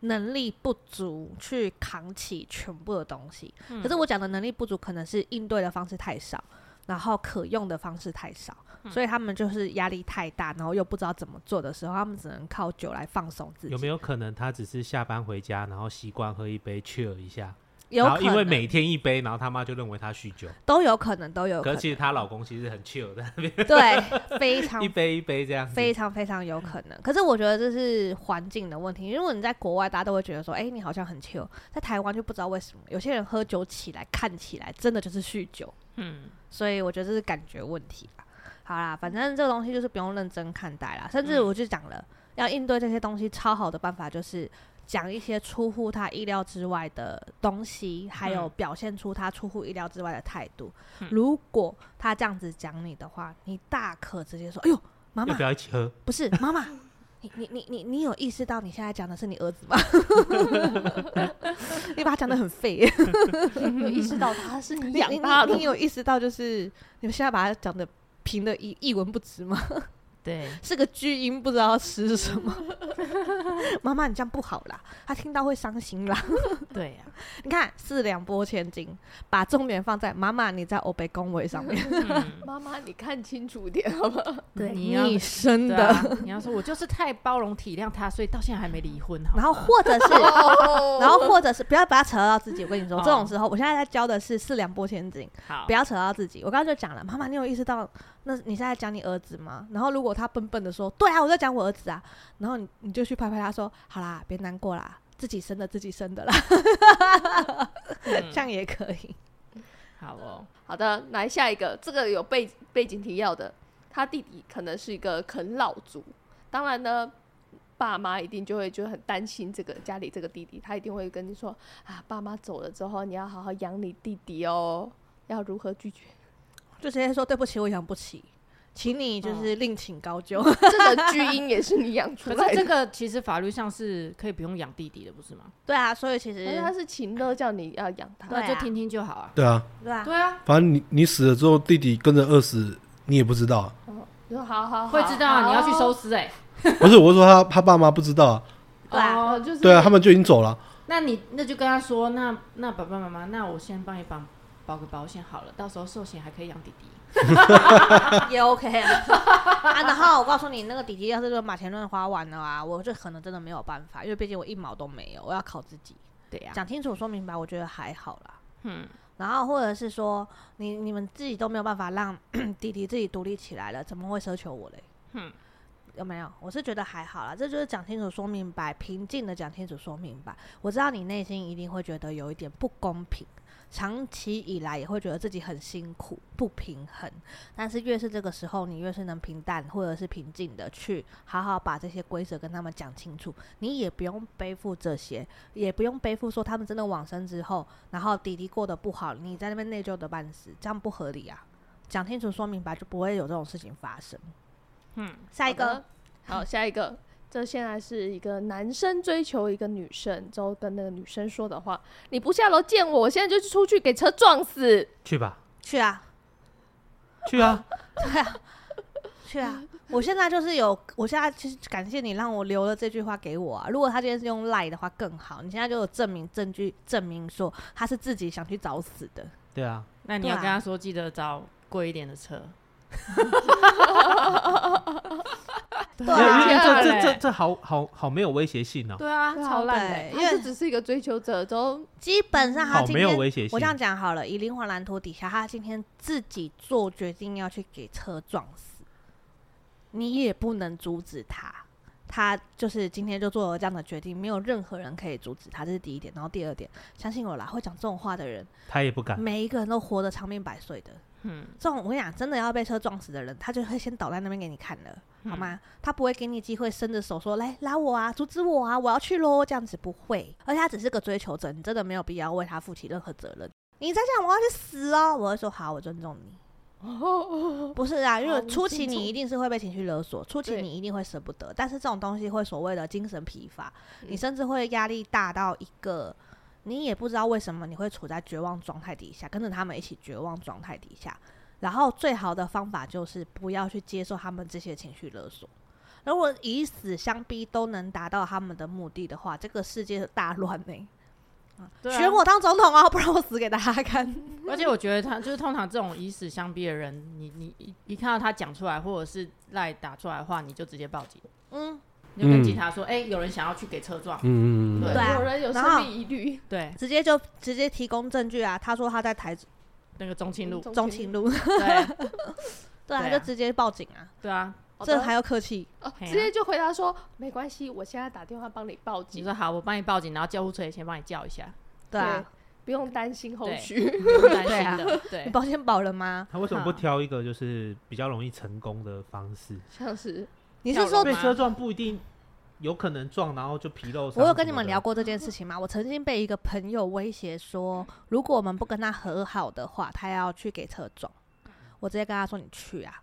能力不足去扛起全部的東西。嗯、可是我講的能力不足，可能是應對的方式太少，然後可用的方式太少，嗯、所以他們就是壓力太大，然後又不知道怎麼做的時候，他們只能靠酒來放鬆自己。有沒有可能他只是下班回家，然後習慣喝一杯 cheer 一下？有可能，因為每天一杯，然後他媽就認為他酗酒，都有可能，都有可能。可是其實她老公其實很 chill 在那邊，對，非常 <laughs> 一杯一杯這樣，非常非常有可能。可是我覺得這是環境的問題。因為如果你在國外，大家都會覺得說，誒，你好像很 chill，在台灣就不知道為什麼有些人喝酒起來看起來真的就是酗酒。嗯，所以我覺得這是感覺問題吧。好啦，反正這個東西就是不用認真看待啦，甚至我就講了，嗯、要應對這些東西超好的辦法就是。講一些出乎他意料之外的東西，還有表現出他出乎意料之外的態度。嗯。如果他這樣子講你的話，你大可直接說：“哎呦，媽媽，要不要一起喝。”不是媽媽，你你你你你有意識到你現在講的是你兒子嗎？ <laughs> <laughs> <laughs> 你把他講的很廢。 <laughs> <laughs> 你有意識到他是你養他的 <laughs> 你你你？你有意識到就是你們現在把他講的平的一一文不值嗎？ <laughs> 對，是個巨嬰，不知道要吃什麼。媽媽，你這樣不好啦，他聽到會傷心啦。 <laughs> 對呀、啊，你看四兩撥千斤，把重點放在媽媽你在歐北公維上面。媽 <laughs> 媽、嗯，媽媽你看清楚一點好不好？對，你，要你生的、啊，你要說，我就是太包容體諒他，所以到現在還沒離婚。然後或者是，oh、 <laughs> 然後或者是，不要把他扯到自己。我跟你說，oh、這種時候，我現在在教的是四兩撥千斤、oh。不要扯到自己。我剛剛就講了，媽媽，你有意識到？那你是在講你兒子嗎？然後如果他笨笨的說，對啊，我在講我兒子啊，然後你你就去拍拍他說，好啦，別難過啦，自己生的自己生的啦， <laughs> 這樣也可以。嗯。好哦，好的，來下一個，這個有背背景提要的，他弟弟可能是一個啃老族，當然呢，爸媽一定就會就很擔心這個家裡這個弟弟，他一定會跟你說啊，爸媽走了之後，你要好好養你弟弟哦。要如何拒絕？就直接說對不起，我養不起，請你就是另請高就。這 <laughs> 個 <laughs> 巨嬰也是你養出來的， <laughs> 可是這個其實法律上是可以不用養弟弟的，不是嗎？對啊，所以其實因為他是情勒，叫你要養他，對、啊，就聽聽就好啊。對啊，對啊，對啊，反正你你死了之後，弟弟跟着餓死，你也不知道、啊。你說好好好，會知道啊， <laughs> 你要去收屍哎、欸。 <laughs> 不是，我是說他他爸媽不知道、啊。對啊， <laughs> 對啊，就是對啊，他們就已經走了。 <laughs> 那你那就跟他說，那那爸爸媽媽，那我先幫一幫。買個保險好了，到時候壽險還可以養弟弟， <laughs> <laughs> 也 OK 啊， <laughs> <laughs> 啊。然後我告訴你，那個弟弟要是說把錢亂花完了啊，我就可能真的沒有辦法，因為畢竟我一毛都沒有，我要靠自己。對呀、啊，講清楚說明白，我覺得還好啦。嗯、然後或者是說，你你們自己都沒有辦法讓 <coughs> 弟弟自己獨立起來了，怎麼會奢求我嘞、嗯？有沒有？我是覺得還好啦，這就是講清楚說明白，平靜的講清楚說明白。我知道你內心一定會覺得有一點不公平。長期以來也會覺得自己很辛苦、不平衡，但是越是這個時候，你越是能平淡或者是平靜的去好好把這些規則跟他們講清楚。你也不用背負這些，也不用背負說他們真的往生之後，然後弟弟過得不好，你在那邊內疚的半死，這樣不合理啊！講清楚、說明白，就不會有這種事情發生。嗯，下一個，好，好、嗯，下一個。這現在是一個男生追求一個女生，之後跟那個女生說的話：“你不下樓見我，我現在就出去給車撞死。”去吧，去啊， <laughs> 去啊， <laughs> 對啊，去啊！我現在就是有，我現在其實感謝你讓我留了這句話給我啊。如果他今天是用賴的話更好，你現在就有證明證據，證明說他是自己想去找死的。對啊，那你要跟他說，啊、記得找貴一點的車。 <laughs> <laughs> 對啊，對啊這這這這,這好好好沒有威脅性哦。對啊，超爛對因為這只是一個追求者，都基本上他今天，沒有威脅性我這樣講好了，以靈魂藍圖底下，他今天自己做決定要去給車撞死，你也不能阻止他，他就是今天就做了這樣的決定，沒有任何人可以阻止他，這是第一點。然後第二點，相信我啦，會講這種話的人，他也不敢，每一個人都活得長命百歲的。嗯、這種我跟你講，真的要被車撞死的人，他就會先倒在那邊給你看了，嗯，好嗎？他不會給你機會伸着手說來拉我啊，阻止我啊，我要去嘍，這樣子不會。而且他只是個追求者，你真的沒有必要為他負起任何責任。你再這樣，我要去死哦，我會說好，我尊重你。哦，不是啊，因為初期你一定是會被情緒勒索，初期你一定會捨不得，但是這種東西會所謂的精神疲乏，你甚至會壓力大到一個。你也不知道為什麼你會處在絕望狀態底下，跟着他們一起絕望狀態底下。然後最好的方法就是不要去接受他們這些情緒勒索。如果以死相逼都能達到他們的目的的話，這個世界大亂嘞、欸！選、啊、我當總統啊、哦，不然我死給大家看。 <laughs> 而且我覺得他就是通常這種以死相逼的人，你你一，一看到他講出來或者是賴打出來的話，你就直接報警。嗯。就跟警察說，哎、嗯欸，有人想要去給車撞、嗯，對，有人有生命疑慮，對，直接就直接提供證據啊。他說他在台，嗯、那個中清路，中清路，路 <laughs> 對，對，就直接報警啊。對啊，這還要客氣？直接就回答說、啊、沒關係，我現在打電話幫你報警。你說好，我幫你報警，然後救護車也先幫你叫一下，對、啊對啊，不用擔心後續，對 <laughs> 對、啊你不用擔心，對啊，對，對，保險保了嗎？他為什麼不挑一個就是比較容易成功的方式？像是，你是說被車撞不一定。有可能撞，然後就皮肉。我有跟你們聊過這件事情嗎？我曾經被一個朋友威脅說，如果我們不跟他和好的話，他要去給車撞。我直接跟他說：“你去啊！”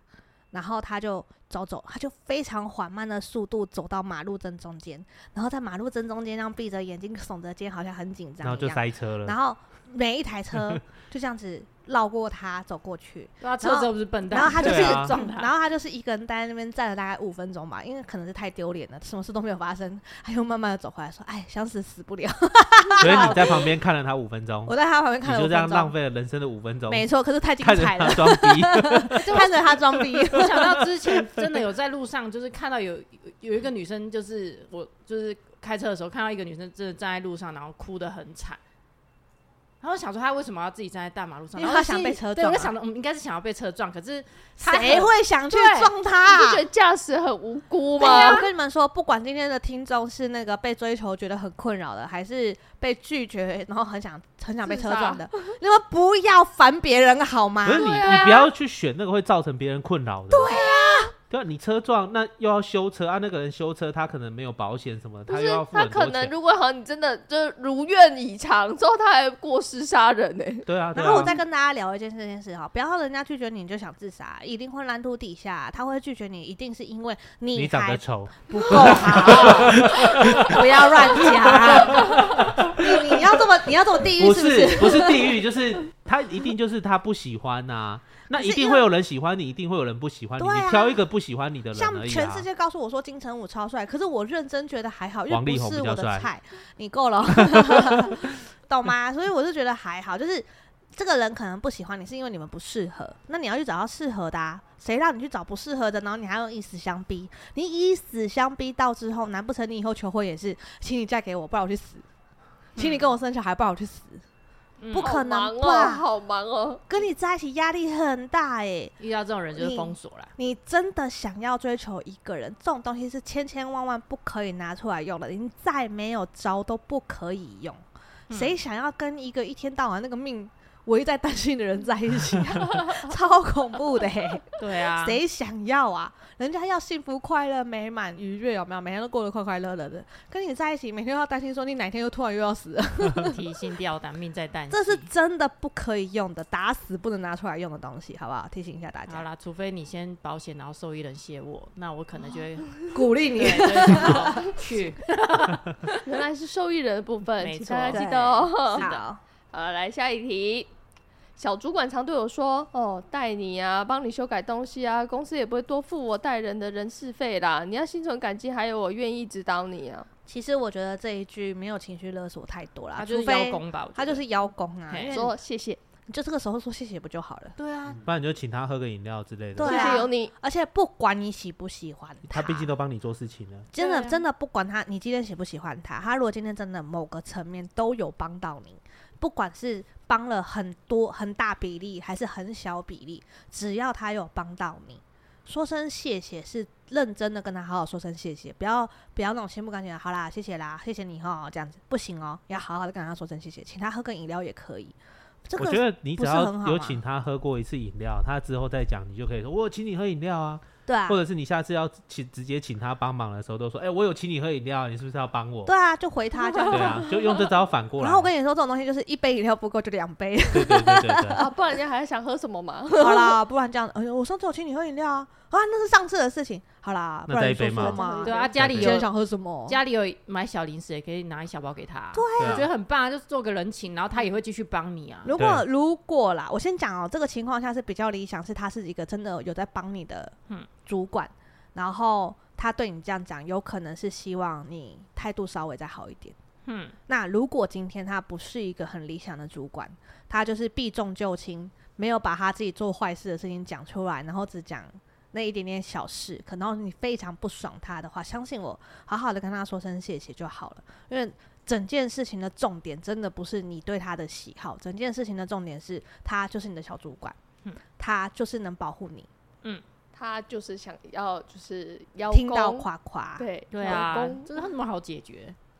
然後他就走走，他就非常緩慢的速度走到馬路正中間，然後在馬路正中間這樣閉着眼睛聳着肩，好像很緊張一樣。然後就塞車了。然後每一台車就這樣子。 <laughs> 繞過他走過去，他車是不是笨蛋？然後他就是撞他，然後他就是一個人待在那邊站了大概五分鐘吧，因為可能是太丟臉了，什麼事都沒有發生，他又慢慢的走回來，說：“哎，想死死不了。”所以你在旁邊看了他五分鐘，我在他旁邊看了五分鐘，就這樣浪費了人生的五分鐘。沒錯，可是太精彩了，裝逼 <laughs> 就看着他裝逼。我想到之前真的有在路上，就是看到有有一個女生，就是我就是開車的時候看到一個女生真的站在路上，然後哭的很慘。然後想說他為什麼要自己站在大馬路上？然後他想被車撞。對，我想着我們應該是想要被車撞，嗯，可是誰會想去撞他啊？你不覺得駕駛很無辜嗎？對啊，我跟你們說，不管今天的聽眾是那個被追求覺得很困擾的，還是被拒絕然後很想很想被車撞的，你們不要煩別人好嗎？啊，不是你，你不要去選那個會造成別人困擾的。對啊。啊對啊，你車撞那又要修車啊？那個人修車他可能沒有保險什麼，他又要付很多錢。不是，他可能如果和你真的就如願以償之後，他還過失殺人呢、欸。對啊，對啊，然後我再跟大家聊一件這件事哈、喔，不要讓人家拒絕你你就想自殺，一定混藍土底下。他會拒絕你，一定是因為你，你長得醜不夠好， <laughs> <laughs> 不要亂亂講。 <laughs> 你要做地獄？ <laughs> 不是，不是地獄，就是他一定就是他不喜歡吶、啊。 <laughs> 那一定會有人喜歡你，一定會有人不喜歡你。 <laughs> 啊、你挑一個不喜歡你的人、啊，像全世界告訴我說金城武超帥，可是我認真覺得還好，因為不是我的菜，你夠了， <laughs> <laughs> 懂嗎？所以我是覺得還好，就是這個人可能不喜歡你，是因為你們不適合。那你要去找到適合的、啊，誰讓你去找不適合的？然後你還要以死相逼，你以死相逼到之後，難不成你以後求婚也是，請你嫁給我，不然我去死？請你跟我生小孩不好，去死。嗯、不可能吧？好忙哦、啊啊，跟你在一起壓力很大誒、欸，遇到這種人就是封鎖了。你真的想要追求一個人，這種東西是千千萬萬不可以拿出來用的。你再沒有招都不可以用。誰、嗯、想要跟一個一天到晚那個命？我一在擔心的人在一起，啊，超恐怖的欸！對啊，誰想要啊？人家要幸福、快樂、美滿、愉悅，有沒有？每天都過得快快樂樂的，跟你在一起，每天都要擔心說你哪天又突然又要死了，提心吊膽，命在旦夕。這是真的不可以用的，打死不能拿出來用的東西，好不好？提醒一下大家。 <laughs> 好，好，好啦，除非你先保險，然後受益人寫我，那我可能就會、哦、鼓勵你去。 <laughs> <laughs> 原來是受益人的部分，大家記得哦。好的，好來下一題。小主管常對我說：“哦，帶你啊，幫你修改東西啊，公司也不會多付我帶人的人事費啦。你要心存感激，還有我願意指導你啊。”其實我覺得這一句沒有情緒勒索太多啦，除非邀功吧，他就是邀功啊嘿嘿，說謝謝，你就這個時候說謝謝不就好了？對啊，嗯、不然你就請他喝個飲料之類的。對啊、謝謝有你，而且不管你喜不喜歡他，他畢竟都幫你做事情了。真的、對啊、真的，不管他你今天喜不喜歡他，他如果今天真的某個層面都有幫到你。不管是幫了很多很大比例還是很小比例，只要他有幫到你，說聲謝謝是認真的，跟他好好說聲謝謝，不要不要那種心不甘情，好啦，謝謝啦，謝謝你哈，這樣子不行哦、喔，要好好的跟他說聲謝謝，請他喝個飲料也可以、這個。我覺得你只要有請他喝過一次飲料，他之後再講，你就可以說，我請你喝飲料啊。對啊，或者是你下次要請直接請他幫忙的時候，都說，哎、欸，我有請你喝飲料，你是不是要幫我？對啊，就回他這樣子， <laughs> 對啊，就用這招反過來。然後我跟你說，這種東西就是一杯飲料不夠，就兩杯。 <laughs> 對，對，對對對對。 <laughs> 啊、不然人家還想喝什麼嘛？ <laughs> 好啦，不然這樣，哎呦，我上次我請你喝飲料啊，啊，那是上次的事情，好啦，那再一杯嘛、啊。對啊，家裡有，對對對有人想喝什麼，家裡有買小零食也可以拿一小包給他、啊。對、啊，我覺得很棒啊，就是做個人情，然後他也會繼續幫你啊。如果如果啦，我先講哦、喔，這個情況下是比較理想，是他是一個真的有在幫你的，嗯。主管，然後他對你這樣講，有可能是希望你態度稍微再好一點。嗯，那如果今天他不是一個很理想的主管，他就是避重就輕，沒有把他自己做壞事的事情講出來，然後只講那一點點小事，可能你非常不爽他的話，相信我，好好的跟他說聲謝謝就好了。因為整件事情的重點真的不是你對他的喜好，整件事情的重點是，他就是你的小主管，嗯，他就是能保護你，嗯。他就是想要，就是要聽到誇誇，對對啊，真的那麼好解決？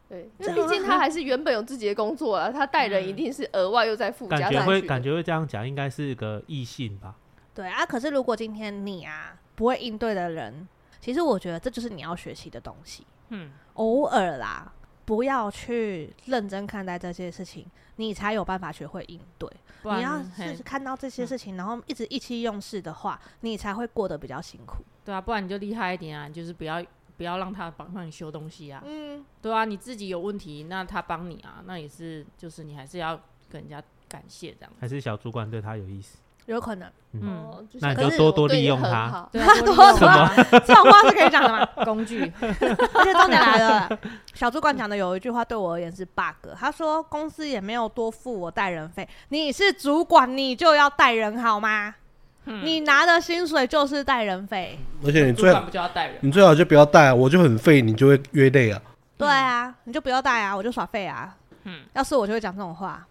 對，那畢竟他還是原本有自己的工作啊， <laughs> 他帶人一定是額外又在附加的感覺，會感覺會這樣講，應該是個異性吧？對啊，可是如果今天你啊不會應對的人，其實我覺得這就是你要學習的東西，嗯，偶爾啦。不要去認真看待這些事情，你才有辦法學會應對。你要是看到這些事情，嗯、然後一直意氣用事的話，你才會過得比較辛苦。對啊，不然你就厲害一點啊，就是不要不要讓他幫幫你修東西啊。嗯，對啊，你自己有問題，那他幫你啊，那也是就是你還是要跟人家感謝這樣子。還是小主管對他有意思？有可能。嗯，嗯，那你就多多利用他，他多這種話是可以講的嗎？ <laughs> 工具。 <laughs> 而且重點來了， <laughs> 小主管講的有一句話對我而言是 bug，他說公司也沒有多付我帶人費，你是主管你就要帶人好嗎？嗯，你拿的薪水就是帶人費，嗯，而且你最好不就要帶人，你最好就不要帶，啊，我就很廢，你就會約累啊。嗯、對啊，你就不要帶啊，我就耍廢啊，嗯。要是我就會講這種話。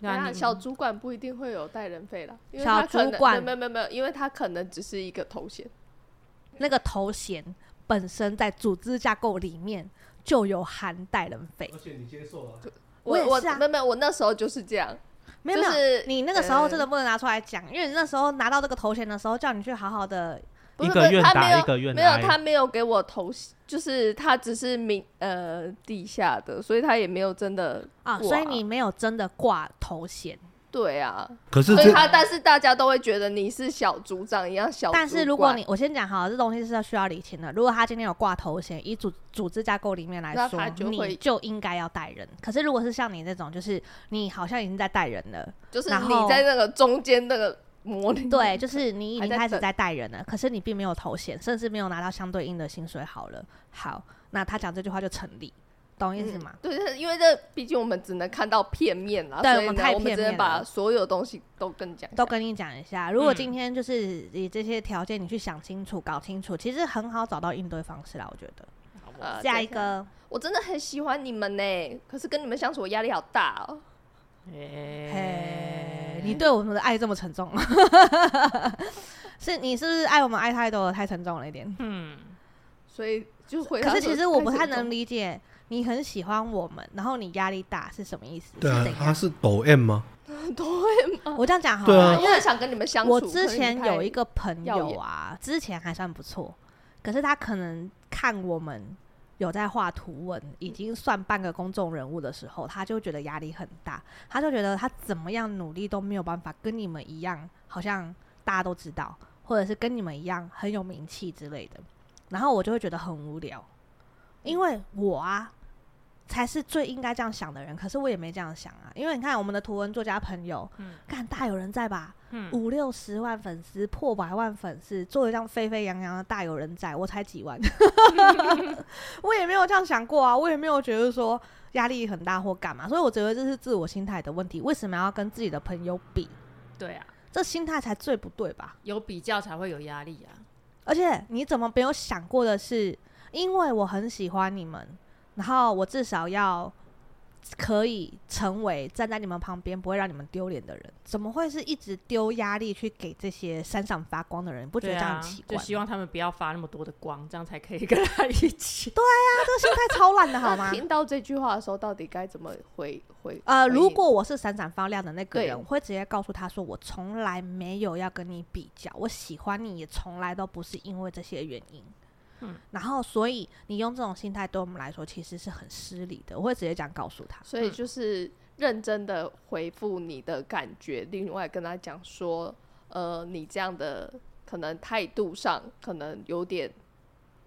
那小主管不一定會有帶人費了，小因為主管沒有沒有沒有，因為他可能只是一個頭銜，那個頭銜本身在組織架構裡面就有含帶人費，而且你接受了，我我、啊、我，我沒有沒有，我那時候就是這樣，沒有，沒有、就是，你那個時候真的不能拿出來講、嗯，因為你那時候拿到這個頭銜的時候，叫你去好好的。不是不是一個打他打一個，沒有，他沒有給我頭銜，就是他只是名呃地下的，所以他也沒有真的啊。所以你沒有真的掛頭銜？對啊。可是所以他但是大家都會覺得你是小組長一樣，小組。但是如果你我先講好，這東西是要需要理清的。如果他今天有掛頭銜，以組、組織架構裡面來說，你就應該要帶人。可是如果是像你這種，就是你好像已經在帶人了，就是你在那個中間那個。模 <laughs> 對，就是你已經開始在帶人了，可是你並沒有頭銜，甚至沒有拿到相對應的薪水。好了，好，那他講這句話就成立，懂意思嗎？嗯、對，因為這畢竟我們只能看到片面了，對，我們太片面，我們只能把所有東西都跟你講，都跟你講一下。如果今天就是以這些條件，你去想清楚、嗯、搞清楚，其實很好找到應對方式啦。我覺得，好好下一個、呃，我真的很喜歡你們呢、欸，可是跟你們相處，我壓力好大哦、喔。哎、hey, hey，你對我們的愛這麼沉重， <laughs> 是？你是不是愛我們愛太多了，太沉重了一點？嗯，所以就回答。可是其實我不太能理解，你很喜歡我們，然後你壓力大是什麼意思？對啊，是這個、他是抖 M 嗎？抖 <laughs> M。我這樣講好，啊，因為想跟你們相處。我之前有一個朋友啊，之前還算不錯，可是他可能看我們。有在畫圖文，已經算半個公眾人物的時候，他就覺得壓力很大，他就覺得他怎麼樣努力都沒有辦法跟你們一樣，好像大家都知道，或者是跟你們一樣很有名氣之類的。然後我就會覺得很無聊，因為我啊，才是最應該這樣想的人，可是我也沒這樣想啊。因為你看我們的圖文作家朋友，嗯，看大有人在吧。五六十萬粉絲，破百萬粉絲，做一張沸沸揚揚的大有人在，我才幾萬， <laughs> 我也沒有這樣想過啊，我也沒有覺得說壓力很大或幹嘛，所以我覺得這是自我心態的問題，為什麼要跟自己的朋友比？對啊，這心態才最不對吧？有比較才會有壓力啊！而且你怎麼沒有想過的是，因為我很喜歡你們，然後我至少要。可以成為站在你們旁邊不會讓你們丟臉的人，怎麼會是一直丟壓力去給這些閃閃發光的人？不覺得這樣很奇怪嗎、啊？就希望他們不要發那麼多的光，這樣才可以跟他一起。對呀、啊，這心、個、態超爛的 <laughs> 好嗎？聽到這句話的時候，到底該怎麼回回？呃，如果我是閃閃發亮的那個人，我會直接告訴他說：“我從來沒有要跟你比較，我喜歡你也從來都不是因為這些原因。”嗯，然後所以你用這種心態對我們來說其實是很失禮的，我會直接這樣告訴他。所以就是認真的回復你的感覺，嗯，另外跟他講說，呃，你這樣的可能態度上可能有點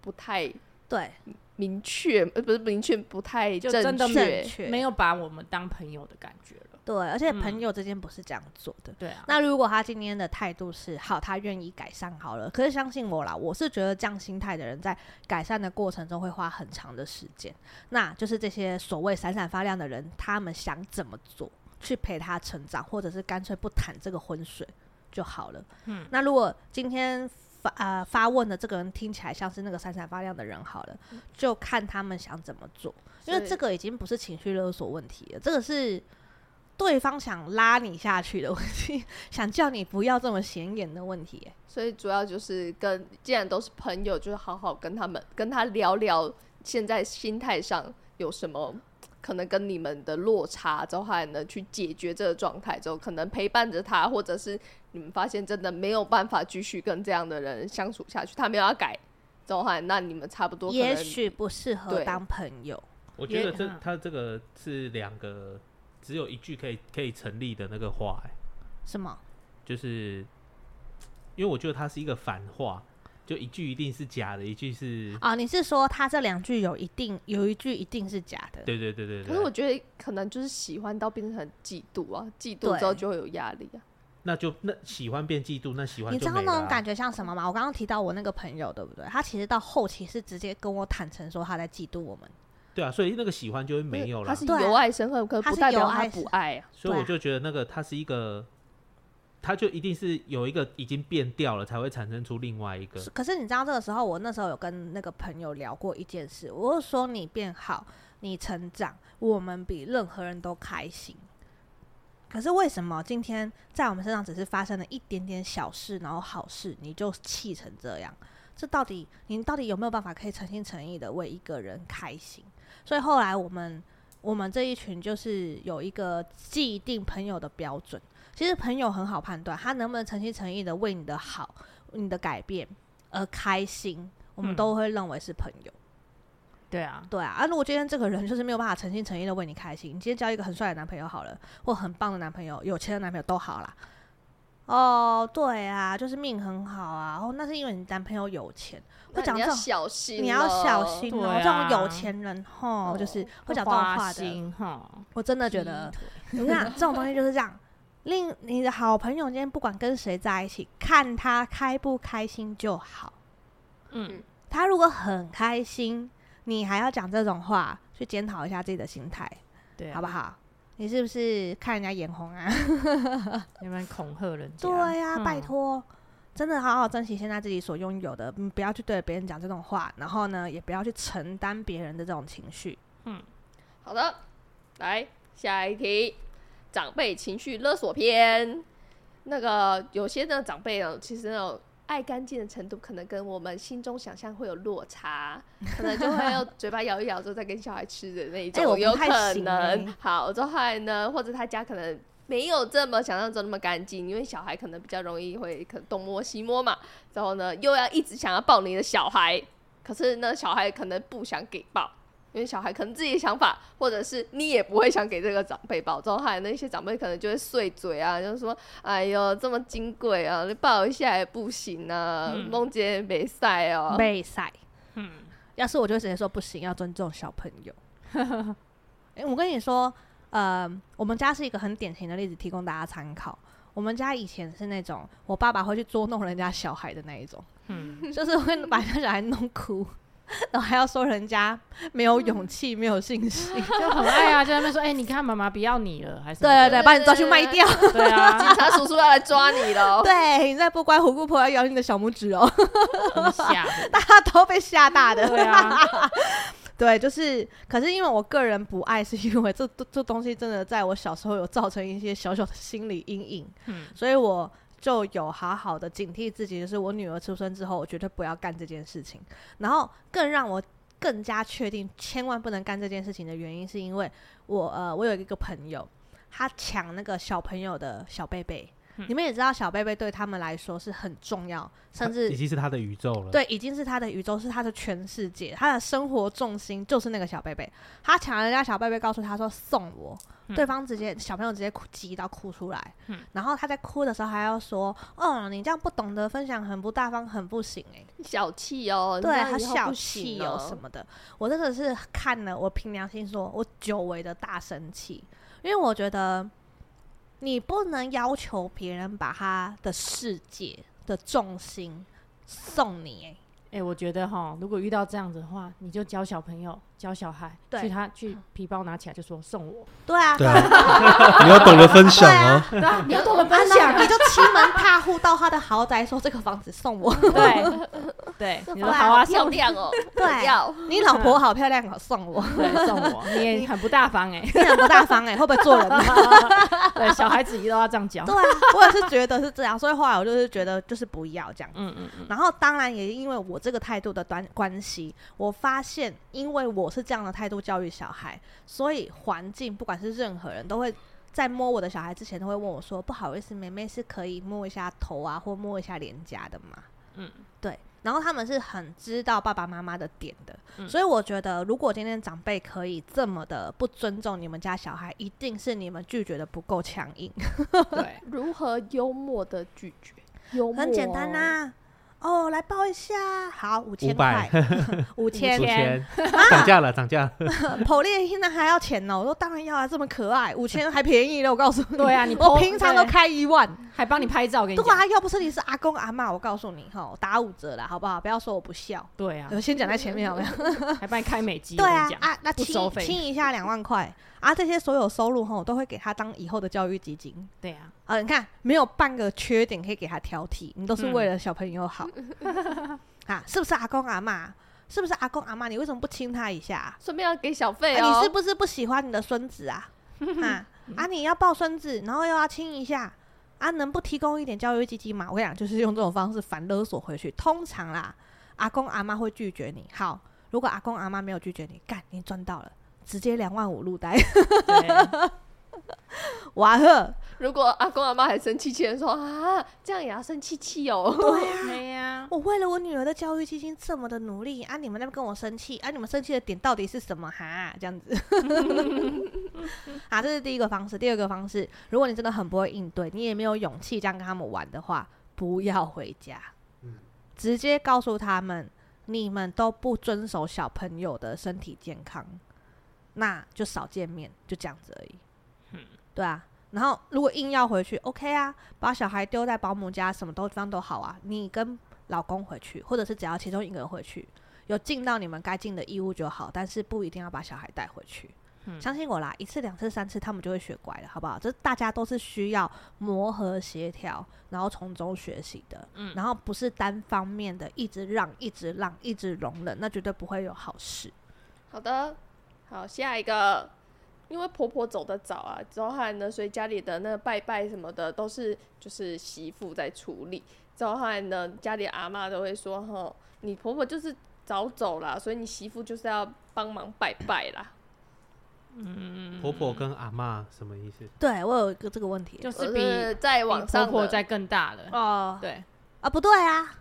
不太對，明確，呃，不是明確不太正確就真的正確沒有把我們當朋友的感覺。對，而且朋友之間不是這樣做的。嗯、對啊，那如果他今天的態度是好，他願意改善好了，可是相信我啦，我是覺得這樣心態的人在改善的過程中會花很長的時間。那就是這些所謂閃閃發亮的人，他們想怎麼做去陪他成長，或者是乾脆不談這個渾水就好了。嗯，那如果今天發啊、呃、發問的這個人聽起來像是那個閃閃發亮的人好了，就看他們想怎麼做，因為這個已經不是情緒勒索問題了，這個是。對方想拉你下去的問題，想叫你不要這麼顯眼的問題，所以主要就是跟既然都是朋友，就是好好跟他們跟他聊聊現在心態上有什麼可能跟你們的落差，之後還能去解決這個狀態，之後可能陪伴着他，或者是你們發現真的沒有辦法繼續跟這樣的人相處下去，他沒有要改，之後那那你們差不多也許不適合當朋友。我覺得這他這個是兩個。只有一句可以可以成立的那個話、欸，哎，什麼？就是，因為我覺得它是一個反話，就一句一定是假的，一句是啊，你是說他這兩句有一定，有一句一定是假的？對對對對，對。可是我覺得可能就是喜歡到變成嫉妒啊，嫉妒之後就會有壓力啊。那就那喜歡變嫉妒，那喜歡、啊、你知道那種感覺像什麼嗎？我剛剛提到我那個朋友，對不對？他其實到後期是直接跟我坦誠說他在嫉妒我們。對啊，所以那個喜歡就會沒有了。他是由愛生恨，可是不代表他不愛啊愛。所以我就覺得那個他是一個、啊，他就一定是有一個已經變掉了，才會產生出另外一個。可是你知道這個時候，我那時候有跟那個朋友聊過一件事，我說，你變好，你成長，我們比任何人都開心。可是為什麼今天在我們身上只是發生了一點點小事，然後好事你就氣成這樣？這到底你到底有沒有辦法可以誠心誠意的為一個人開心？所以後來我們我們這一群就是有一個既定朋友的標準。其實朋友很好判斷，他能不能誠心誠意的為你的好、你的改變而開心，我們都會認為是朋友。嗯、對啊，對啊。啊，如果今天這個人就是沒有辦法誠心誠意的為你開心，你今天交一個很帥的男朋友好了，或很棒的男朋友、有錢的男朋友都好啦。哦，對啊，就是命很好啊。哦，那是因為你男朋友有錢，會講這種。你要小心哦、啊，這種有錢人吼、哦哦，就是會講這種話的、哦。我真的覺得，你看這種東西就是這樣。 <laughs> 令你的好朋友今天不管跟誰在一起，看他開不開心就好。嗯。他如果很開心，你還要講這種話，去檢討一下自己的心態，對、啊，好不好？你是不是看人家眼紅啊？有沒有恐嚇人家？對呀、啊，嗯，拜託，真的好好珍惜現在自己所擁有的，不要去對別人講這種話，然後呢，也不要去承擔別人的這種情緒。嗯，好的，來下一題，長輩情緒勒索篇。那個有些的長輩哦，其實那種。愛乾淨的程度可能跟我們心中想象會有落差， <laughs> 可能就會要嘴巴咬一咬之後再跟小孩吃的那一種，有可能。欸我欸，好，我之後，後呢，或者他家可能沒有這麼想象中那麼乾淨，因為小孩可能比較容易會可東摸西摸嘛。之後呢，又要一直想要抱你的小孩，可是那小孩可能不想給抱。因為小孩可能自己的想法，或者是你也不會想給這個長輩抱害。那些長輩可能就會碎嘴啊，就是說，哎呦，這麼金貴啊，你抱一下也不行啊，夢見沒曬哦，沒曬、啊。嗯，要是我就直接說不行，要尊重小朋友。哎、 <laughs> 欸，我跟你說，呃，我們家是一個很典型的例子，提供大家參考。我們家以前是那種我爸爸會去捉弄人家小孩的那一種，嗯，就是會把人家小孩弄哭。然後還要說人家沒有勇氣， <laughs> 沒有信心，就很愛啊，就在那邊說：“哎、欸，你看媽媽不要你了，還是對對對，把你抓去賣掉，對啊，警察叔叔要來抓你咯，對，你再在不乖，虎姑婆要咬你的小拇指哦，嚇 <laughs> ，大家都被嚇大的， <laughs> 對啊， <laughs> 對，就是，可是因為我個人不愛，是因為這這這東西真的在我小時候有造成一些小小的心理陰影，嗯，所以我。就有好好的警惕自己，就是我女兒出生之後，我絕對不要幹這件事情。然後更讓我更加確定，千萬不能幹這件事情的原因，是因為我呃，我有一個朋友，他搶那個小朋友的小貝貝。嗯、你們也知道，小貝貝對他們來說是很重要，甚至已經是他的宇宙了。對，已經是他的宇宙，是他的全世界，他的生活重心就是那個小貝貝。他搶人家小貝貝，告訴他說送我，嗯、對方直接小朋友直接哭，急到哭出來、嗯。然後他在哭的時候還要說：“哦，你這樣不懂得分享，很不大方，很不行誒、欸，小氣哦。”對，他小氣哦什麼的。我真的是看了，我憑良心說，我久違的大生氣，因為我覺得。你不能要求別人把他的世界的重心送你哎、欸欸，誒我覺得哈，如果遇到這樣子的話，你就教小朋友。教小孩，對。他去皮包拿起來就說送我。對啊， <laughs> <laughs> 你要懂得分享啊！對，啊對啊，你要懂得分享、啊， <laughs> 你就欺門踏戶到他的豪宅說：“這個房子送我。 <laughs> ”對對， <laughs> 對這個、你說好啊，好漂亮哦、喔！ <laughs> 對， <laughs> 你老婆好漂亮、喔，好 <laughs> 對 <laughs> 送我，送我、欸。 <laughs> 你很不大方哎、欸，你很不大方哎，會不會做人呢？ <laughs> 對，小孩子一定要這樣教。 <laughs> 對啊，我也是覺得是這樣，所以後來我就是覺得就是不要這樣。嗯 <laughs> 嗯，然後當然也因為我這個態度的短關關係，我發現因為我。是這樣的態度教育小孩，所以環境不管是任何人都會在摸我的小孩之前都會問我說：“不好意思，妹妹是可以摸一下頭啊，或摸一下臉頰的嘛？”嗯，對。然後他們是很知道爸爸媽媽的點的、嗯，所以我覺得如果今天長輩可以這麼的不尊重你們家小孩，一定是你們拒絕的不夠強硬。 <laughs> 對，如何幽默的拒絕？幽默，很簡單吶、啊。哦，來抱一下，好，五千塊， <laughs> 五千，漲、啊、價了，漲價。花瓶現在還要錢呢，我說當然要啊，這麼可愛，五千還便宜了，我告訴你。對啊，你我平常都開一萬，還幫你拍照給你，對啊，要不是你是阿公阿媽，我告訴你哈，打五折了，好不好？不要說我不孝。對啊，我先講在前面，好不好？ <laughs> 還幫你開美肌，對啊，對啊，對啊，啊，那親親一下兩萬塊。啊，這些所有收入哈，我都會給他當以後的教育基金。對呀、啊，啊，你看沒有半個缺點可以給他挑剔，你都是為了小朋友好。嗯、 <laughs> 啊，是不是阿公阿媽？是不是阿公阿媽？你為什麼不親他一下？順便要給小費、啊、你是不是不喜歡你的孫子啊？啊 <laughs> 啊！啊你要抱孫子，然後又要親一下，啊，能不提供一點教育基金嗎？我跟你講就是用這種方式反勒索回去。通常啦，阿公阿媽會拒絕你。好，如果阿公阿媽沒有拒絕你，幹，你賺到了。直接兩萬五入袋， <laughs> 對哇呵！如果阿公阿媽還生氣氣，說啊，這樣也要生氣氣哦對呀、對啊，我為了我女兒的教育基金這麼的努力啊，你們那邊跟我生氣啊？你們生氣的點到底是什麼、啊？哈，這樣子， <laughs> <laughs> <laughs> 啊，這是第一個方式。第二個方式，如果你真的很不會應對，你也沒有勇氣這樣跟他們玩的話，不要回家，嗯、直接告訴他們，你們都不遵守小朋友的身體健康。那就少見面，就這樣子而已。嗯，對啊。然後如果硬要回去，OK 啊，把小孩丟在保姆家，什麼地方都好啊。你跟老公回去，或者是只要其中一個人回去，有盡到你們該盡的義務就好。但是不一定要把小孩帶回去。嗯。相信我啦，一次、兩次、三次，他們就會學乖了，好不好？這大家都是需要磨合、協調，然後從中學習的。嗯，然後不是單方面的，一直讓、一直讓、一直容忍，那絕對不會有好事。好的。好，下一個，因為婆婆走的早啊，之後呢，所以家裡的那個拜拜什麼的都是就是媳婦在處理。之後呢，家裡的阿嬤都會說：“吼，你婆婆就是早走啦，所以你媳婦就是要幫忙拜拜啦。嗯”嗯，婆婆跟阿嬤什麼意思？對我有一個這個問題，就是比是在往上比婆婆再更大的哦。對啊，不對啊，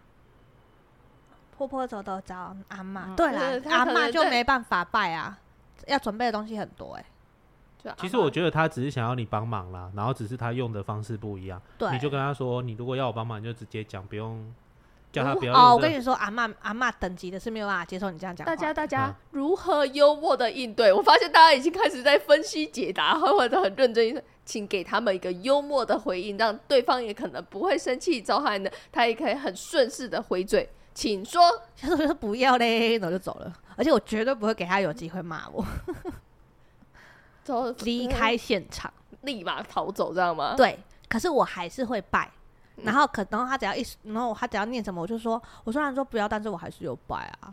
婆婆走的早，阿嬤，嗯、對啦，阿嬤就沒辦法拜啊。要準備的東西很多哎、欸，其實我覺得他只是想要你幫忙啦，然後只是他用的方式不一樣。對，你就跟他說，你如果要我幫忙，你就直接講，不用叫他不要、哦。我跟你說，阿嬤阿嬤等級的是沒有辦法接受你這樣講。大家大家、啊、如何幽默的應對？我發現大家已經開始在分析解答，或者很認真。請給他們一個幽默的回應，讓對方也可能不會生氣，之後呢他也可以很順勢的回嘴。請說，他 <laughs> 說不要嘞，然後就走了。而且我絕對不會給他有機會罵我、嗯， <laughs> 走離開現場、嗯，立馬逃走，知道嗎？對。可是我還是會拜，然後可能他只要一，然後他只要念什麼，我就說，我雖然說不要，但是我還是有拜啊。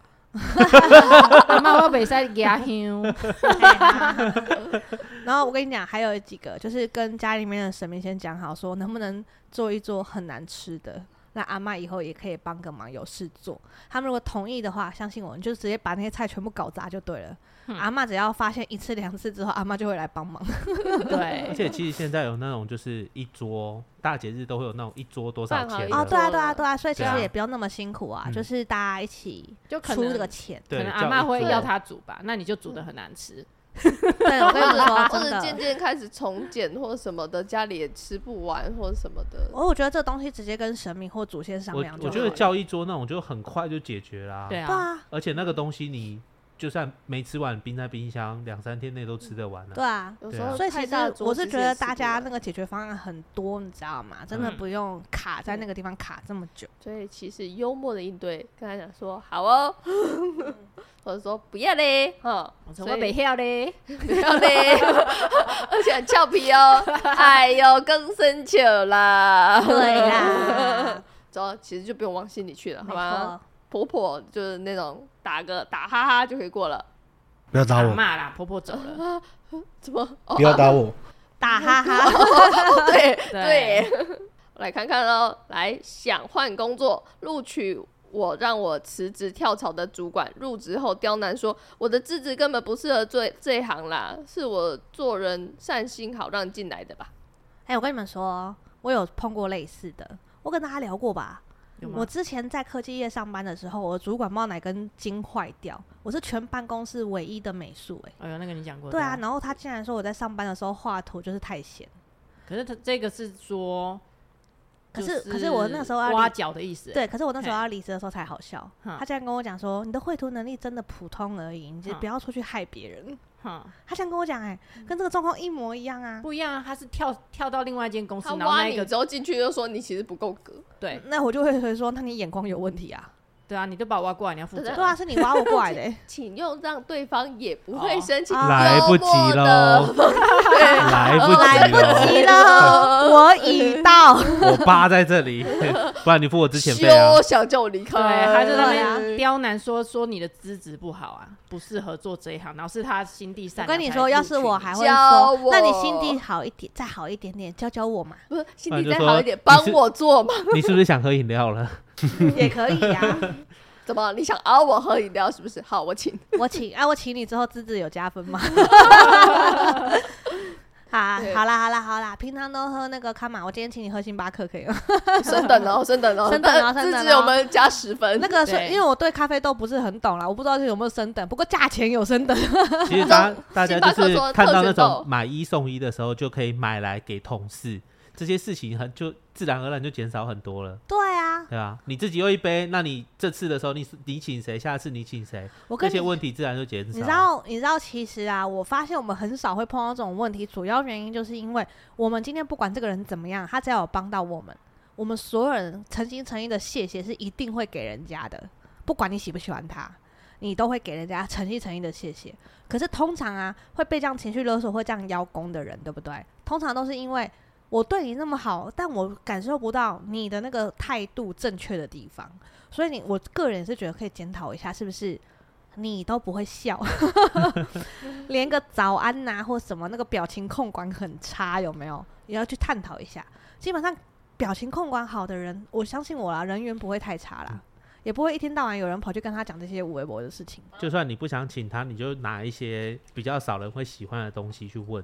<laughs> <laughs> <laughs> 阿嬤， <laughs> 我比賽家鄉。然後我跟你講，還有幾個，就是跟家裡面的神明先講好，說能不能做一做很難吃的，那阿嬤以後也可以幫個忙，有事做。他們如果同意的話，相信我，你就直接把那些菜全部搞砸就對了。嗯、阿媽只要發現一次兩次之後，阿媽就會來幫忙。對， <laughs> 而且其實現在有那種就是一桌大節日都會有那種一桌多少錢啊、哦，對啊，對啊，對啊，所以其實也不用那麼辛苦啊，啊就是大家一起出就出這個錢，可能阿媽會要他煮吧，嗯、那你就煮得很難吃。 <laughs> 對，就 <laughs> 是漸漸開始從簡，或什麼的，家裡也吃不完或者什麼的。哦，我覺得這東西直接跟神明或祖先商量。我我覺得叫一桌那種就很快就解決啦。對啊，而且那個東西你。就算沒吃完，冰在冰箱，兩三天內都吃得完了。對啊，對啊有時候、啊、所以其實我是覺得大家那個解決方案很多，你知道嗎？嗯、真的不用卡在那個地方卡這麼久。所以其實幽默的應對，跟他講說好哦，或、嗯、者 <laughs> 說不要嘞，我怎麼被嚇嘞？不要嘞， <laughs> <laughs> 而且很俏皮哦，哎 <laughs> 呦，更深久啦，對啦， <laughs> 走，其實就不用往心裡去了， <laughs> 好嗎吧 <laughs> 婆婆就是那種打個打哈哈就可以過了，不要打我。罵啦，婆婆走了，啊啊啊啊、怎麼、啊、不要打我？啊、打哈哈，對 <laughs> 對，對對 <laughs> 我來看看嘍。來，想換工作，錄取我，讓我辭職跳槽的主管，入職後刁難說我的資質根本不適合做這一行啦，是我做人善心好讓進來的吧？哎、欸，我跟你們說，我有碰過類似的，我跟大家聊過吧。我之前在科技業上班的時候，我主管冒奶跟筋壞掉，我是全辦公室唯一的美術。哎，哎呦，那個你講過。對啊，然後他竟然說我在上班的時候畫圖就是太閒。可是他這個是說，可是可是我那時候要挖角的意思、欸。對，可是我那時候要離職的時候才好笑，嗯、他竟然跟我講說，你的繪圖能力真的普通而已，你就不要出去害別人。嗯哈，他想跟我講、欸，哎、嗯，跟這個狀況一模一樣啊，不一樣啊，他是跳跳到另外一間公司，他挖然後、那個、你之後進去，又說你其實不夠格，對，那我就會說，那你眼光有問題啊。對啊，你就把我挖過來，你要負責、啊。對啊，是你挖我過來的 <laughs> ，請用讓對方也不會生氣。哦啊、來，不 <laughs> 來，不 <laughs> 來不及了，對，來不及了，我已到。 <laughs> 我趴在這裡，不然你付我之前費我、啊、休想叫我離開，對，還是就那樣刁難說說你的資質不好啊，不適合做這一行。然後是他心地善良，我跟你說，要是我還會說教我，那你心地好一點，再好一點點，教教我嘛。不是，心地再好一點，幫我做嘛你。你是不是想喝飲料了？ <laughs> <laughs> 也可以呀、啊， <laughs> 怎麼你想熬我喝飲料是不是？好，我請， <laughs> 我請，啊，我請你之後，資質有加分嗎？ <laughs> <laughs> <laughs> 好，好啦，好啦，好啦。平常都喝那個卡瑪，我今天請你喝星巴克可以嗎？升 <laughs> 等哦、喔，升等哦、喔，升 <laughs> 等哦、喔，資質我們加十分。 <laughs> 那個是因為我對咖啡豆不是很懂啦，我不知道這有沒有升等，不過價錢有升等。 <laughs> 其實他 <laughs> 大家就是克看到那種買一送一的時候，就可以買來給同事。這些事情很就自然而然就減少很多了。對啊，對啊，你自己又一杯，那你這次的時候，你你請誰？下次你請誰？這些問題自然就減少。你知道，你知道，其實啊，我發現我們很少會碰到這種問題，主要原因就是因為我們今天不管這個人怎麼樣，他只要有幫到我們，我們所有人誠心誠意的謝謝是一定會給人家的，不管你喜不喜歡他，你都會給人家誠心誠意的謝謝。可是通常啊，會被這樣情緒勒索，會這樣邀功的人，對不對？通常都是因為。我對你那麼好，但我感受不到你的那個態度正確的地方，所以你我個人是覺得可以檢討一下，是不是你都不會笑， <laughs> <laughs> <laughs> 連個早安吶、啊、或什麼那個表情控管很差有沒有？也要去探討一下。基本上表情控管好的人，我相信我啦，人緣不會太差啦、嗯，也不會一天到晚有人跑去跟他講這些無微博的事情。就算你不想請他，你就拿一些比較少人會喜歡的東西去問。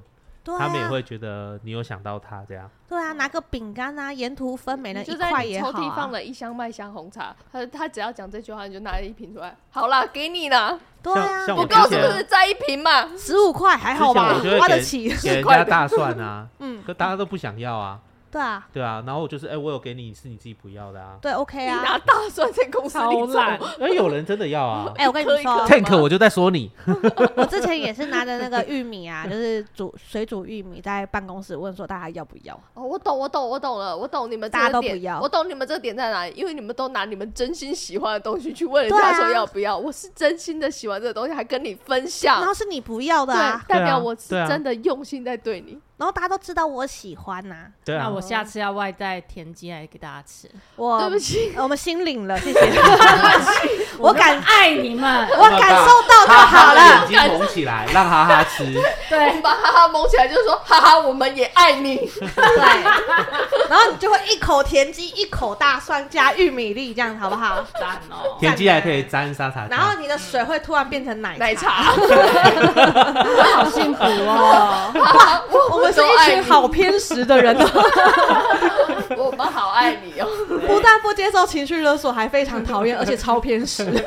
啊、他們也會覺得你有想到他這樣。對啊，拿個餅乾啊，沿途分每人一塊也好，啊。就在抽屜放了一箱麥香紅茶，他他只要講這句話，你就拿了一瓶出來。好啦，給你啦。對啊，不夠是不是再一瓶嘛？十五塊還好吧？花得起十塊大蒜啊， <laughs> 嗯，可大家都不想要啊。嗯對啊，對啊，然後我就是哎、欸，我有給你，是你自己不要的啊。對，OK 啊。你拿大蒜在公司裡爛，哎、欸、有人真的要啊。哎、 <laughs> 欸，我跟你說、啊、一可一可，Tank，我就在說你。 <laughs> 我之前也是拿着那個玉米啊，就是煮水煮玉米，在辦公室問說大家要不要。哦，我懂，我懂，我懂了，我懂你們這個點。我懂你們這個點在哪裡？因為你們都拿你們真心喜歡的東西去問人家說要不要。我是真心的喜歡這個東西，還跟你分享，然後是你不要的啊，對，代表我是真的用心在對你。對啊對啊。然後大家都知道我喜歡吶、啊啊，那我下次要外帶田雞來給大家吃。嗯、我對不起、呃，我們心領了，謝謝 <laughs> 。我敢愛你們， <laughs> 我，敢 <laughs> 我感受到就好了。哈哈眼睛蒙起來， <laughs> 讓哈哈吃。對，我們把哈哈蒙起來，就是說哈哈，我們也愛你。對， <laughs> 然後你就會一口田雞，一口大蒜加玉米粒，這樣好不好？粘 <laughs> 哦、喔，田雞還可以沾沙茶，茶。然後你的水會突然變成奶奶茶， <laughs> <laughs> <laughs> 好幸福哦、喔。 <laughs> <laughs> <laughs> 是一群好偏食的人哦， <laughs> <laughs> 我們好愛你哦！不但不接受情緒勒索，還非常討厭，而且超偏食， <laughs>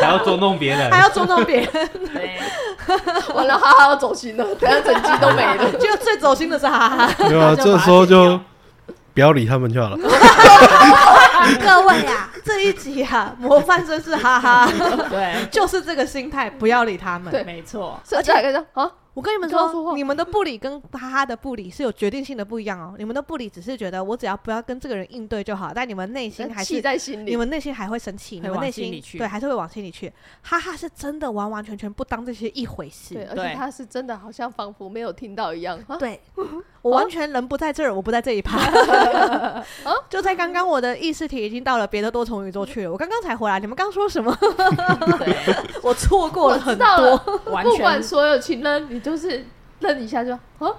還要捉弄別人，還要捉弄別人。完了，哈哈，要走心了，等一下整集都沒了。 <laughs> 就最走心的是哈哈。對 <laughs> 啊，這時候就不要理他們就好了。 <laughs> <laughs> 各位啊，這一集啊，模範真是哈哈。 <laughs> 對，就是這個心態，不要理他們。對，沒錯。接下來說好。 <laughs> 我跟你們說，說，你們的不理跟哈哈的不理是有決定性的不一樣哦。你們的不理只是覺得我只要不要跟這個人應對就好，但你們內心還是，氣在心裡，你們內心還會生氣，你們內心對還是會往心裡去。哈哈是真的完完全全不當這些一回事，對，而且他是真的好像仿佛沒有聽到一樣。啊、對、啊，我完全人不在這兒，我不在這一趴、啊 <laughs> 啊。就在剛剛我的意識體已經到了別的多重宇宙去了，嗯、我剛剛才回來。你們剛說什麼？我錯過了很多，完全 <laughs> 不管所有情人。就是愣一下就，就啊，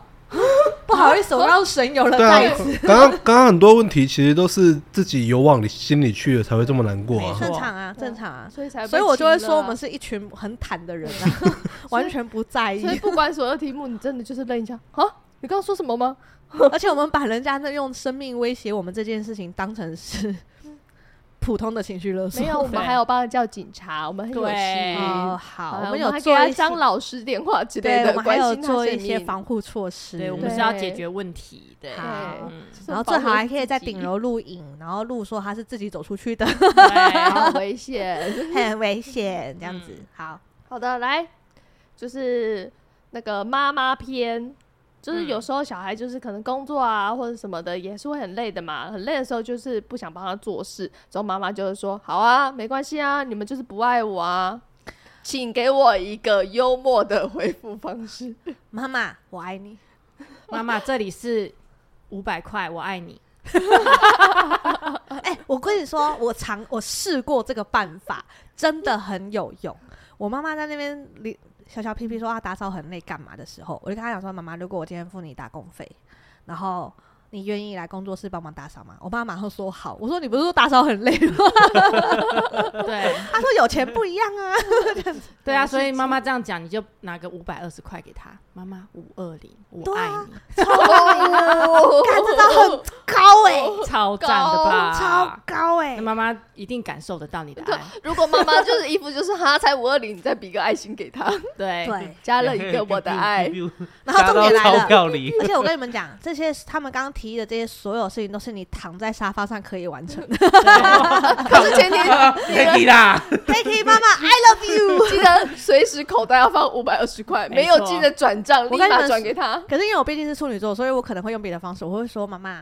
不好意思，我讓神遊了袋子、啊。剛剛剛剛很多問題，其實都是自己有往你心裡去了，才會這麼難過、啊。正常啊，呵呵正常啊，所以才所以，我就會說，我們是一群很坦的人啊， <laughs> 完全不在意所以。所以不管所有題目， <laughs> 你真的就是愣一下啊？你剛剛說什麼嗎？ <laughs> 而且我們把人家在用生命威脅我們這件事情，當成是。普通的情緒勒索。沒有，我們還有幫他叫警察。我們很有對、哦好，好，我們有給他張老師電話之類的。我們還有做一些防護措施。對，我們是要解決問題。對。對對對對對對對對，嗯、然後最好還可以在頂樓錄影，然後錄說他是自己走出去的。很 <laughs> 危險、就是，很危險，這樣子。嗯、好好的，來，就是那個媽媽篇。就是有時候小孩就是可能工作啊或者什麼的，也是會很累的嘛。很累的時候就是不想幫他做事，之後媽媽就會說：“好啊，沒關係啊，你們就是不愛我啊。”請給我一個幽默的回覆方式。媽媽，我愛你。媽媽，這裡是五百塊，我愛你。哎、 <laughs> 欸，我跟你說，我嘗，我試過這個辦法，真的很有用。我媽媽在那邊小小屁屁說啊，打掃很累，幹嘛的時候，我就跟他講說，媽媽，如果我今天付你打工費，然後。你願意來工作室幫忙打掃嗎？我爸媽會說好。我說，你不是說打掃很累嗎？ <laughs> <laughs> 對，他說有錢不一樣啊。 <laughs> <laughs> 對啊，所以媽媽這樣講，你就拿個五百二十塊給他。媽媽五二零，520，我愛你，啊超， <laughs> 高欸、超、超、超高、欸，這很高哎，超贊的超高哎，媽媽一定感受得到你的愛。如果媽媽就是衣服，就是哈，才五二零，你再比個愛心給她。 <laughs> 對對，加了一個我的愛。 <music> 然後重點來了， <music> 而且我跟你們講，這些是他們剛剛。提的這些所有事情都是你躺在沙發上可以完成的 <laughs> 對，的。 <laughs> 可是前提前提啦。Kiki 媽媽，I love you，記得隨時口袋要放五百二十塊， <laughs> 沒有記得轉賬 <laughs> 立馬轉給他。可是因為我畢竟是處女座，所以我可能會用別的方式，我會說媽媽，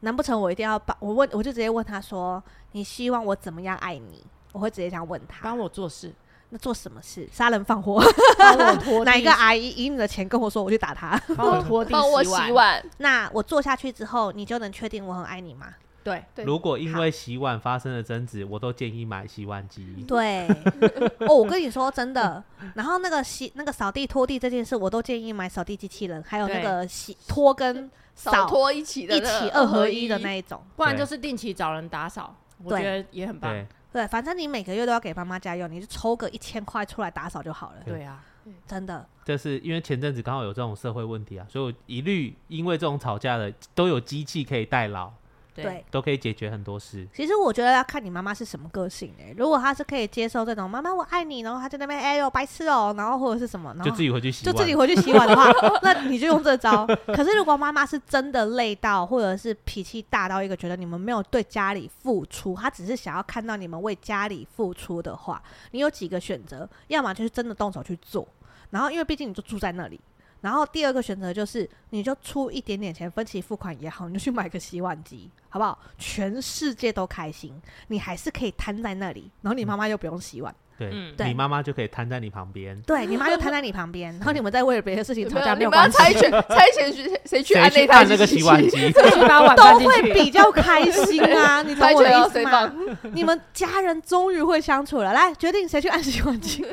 難不成我一定要把我問，我就直接問他說，你希望我怎麼樣愛你？我會直接這樣問他，幫我做事。那做什麼事？殺人放火，幫 <laughs> 我拖。 <laughs> 哪一個阿姨以你的錢跟我說，我去打他。幫 <laughs> 我拖地、幫我洗碗。那我坐下去之後，你就能確定我很愛你嗎？對，對。如果因為洗碗發生了爭執，我都建議買洗碗機。對。 <laughs> 哦，我跟你說真的。 <laughs> 然後那個洗、那個掃地、拖地這件事，我都建議買掃地機器人，還有那個洗拖跟掃拖一起的一,一起二合一的那一種。不然就是定期找人打掃，我覺得也很棒。對，對。.對，反正你每個月都要給爸媽，媽家用，你就抽個一千塊出來打掃就好了。對啊，真的。就是因為前陣子剛好有這種社會問題啊，所以我一律因為這種吵架的都有機器可以代勞。對，都可以解決很多事。其實我覺得要看你媽媽是什麼個性哎、欸。如果她是可以接受這種“媽媽我愛你”，然後她在那邊哎呦白痴哦、喔，然後或者是什麼，然後就自己回去洗，就自己回去洗碗的話， <laughs> 那你就用這招。可是如果媽媽是真的累到，或者是脾氣大到一個覺得你們沒有對家裡付出，她只是想要看到你們為家裡付出的話，你有幾個選擇？要麼就是真的動手去做，然後因為畢竟你就住在那裡。然後第二個選擇就是，你就出一點點錢，分期付款也好，你就去買個洗碗機，好不好？全世界都開心，你還是可以癱在那裡，然後你媽媽又不用洗碗。嗯對,嗯、媽媽對，你媽媽就可以癱在你旁邊。對你媽就癱在你旁邊，然後你們在為了別的事情吵架沒有關係。猜拳，猜拳，誰誰去按台去那個洗碗機？都會比較開心啊！欸、你懂我的意思嗎？你們家人終於會相處了。來，決定誰去按洗碗機？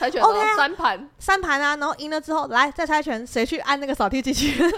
猜拳三，OK，、啊、三盤三盤啊！然後贏了之後，來再猜拳，誰去按那個掃地機器人，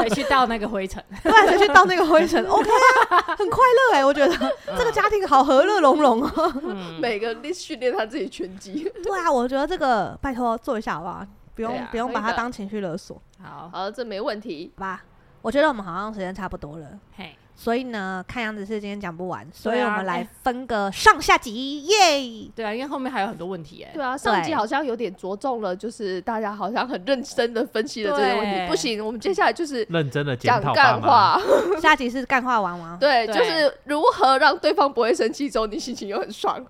誰去倒那個灰塵？ <laughs> <laughs> 對，誰去倒那個灰塵 <laughs> ？OK，、啊、很快樂哎、欸，我覺得、嗯、這個家庭好和樂融融哦，每個這系列。嗯 <laughs> 他自己拳擊 <laughs> 對啊，我覺得這個拜托做一下好不好？不用、啊、不用把它當情緒勒索。好，好，這沒問題吧？我覺得我們好像時間差不多了。嘿、hey.，所以呢，看樣子是今天講不完，所以我們來分個上下集，耶、yeah!！對啊，因為後面還有很多問題哎。對啊，上一集好像有點着重了，就是大家好像很認真的分析了這個問題。不行，我們接下來就是認真的講幹話。 <laughs> 下集是幹話玩玩。對，就是如何讓對方不會生氣，之後你心情又很爽。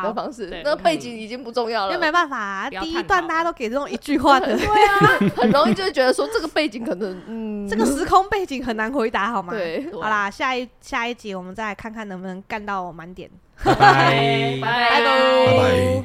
好的方式，那個背景已經不重要了，因為沒辦法、啊，第一段大家都給這種一句話的， <laughs> 的對啊， <laughs> 很容易就會覺得說這個背景可能，嗯，這個時空背景很難回答，好嗎？對，好啦，下一下一集我們再來看看能不能幹到滿點，拜拜，拜拜。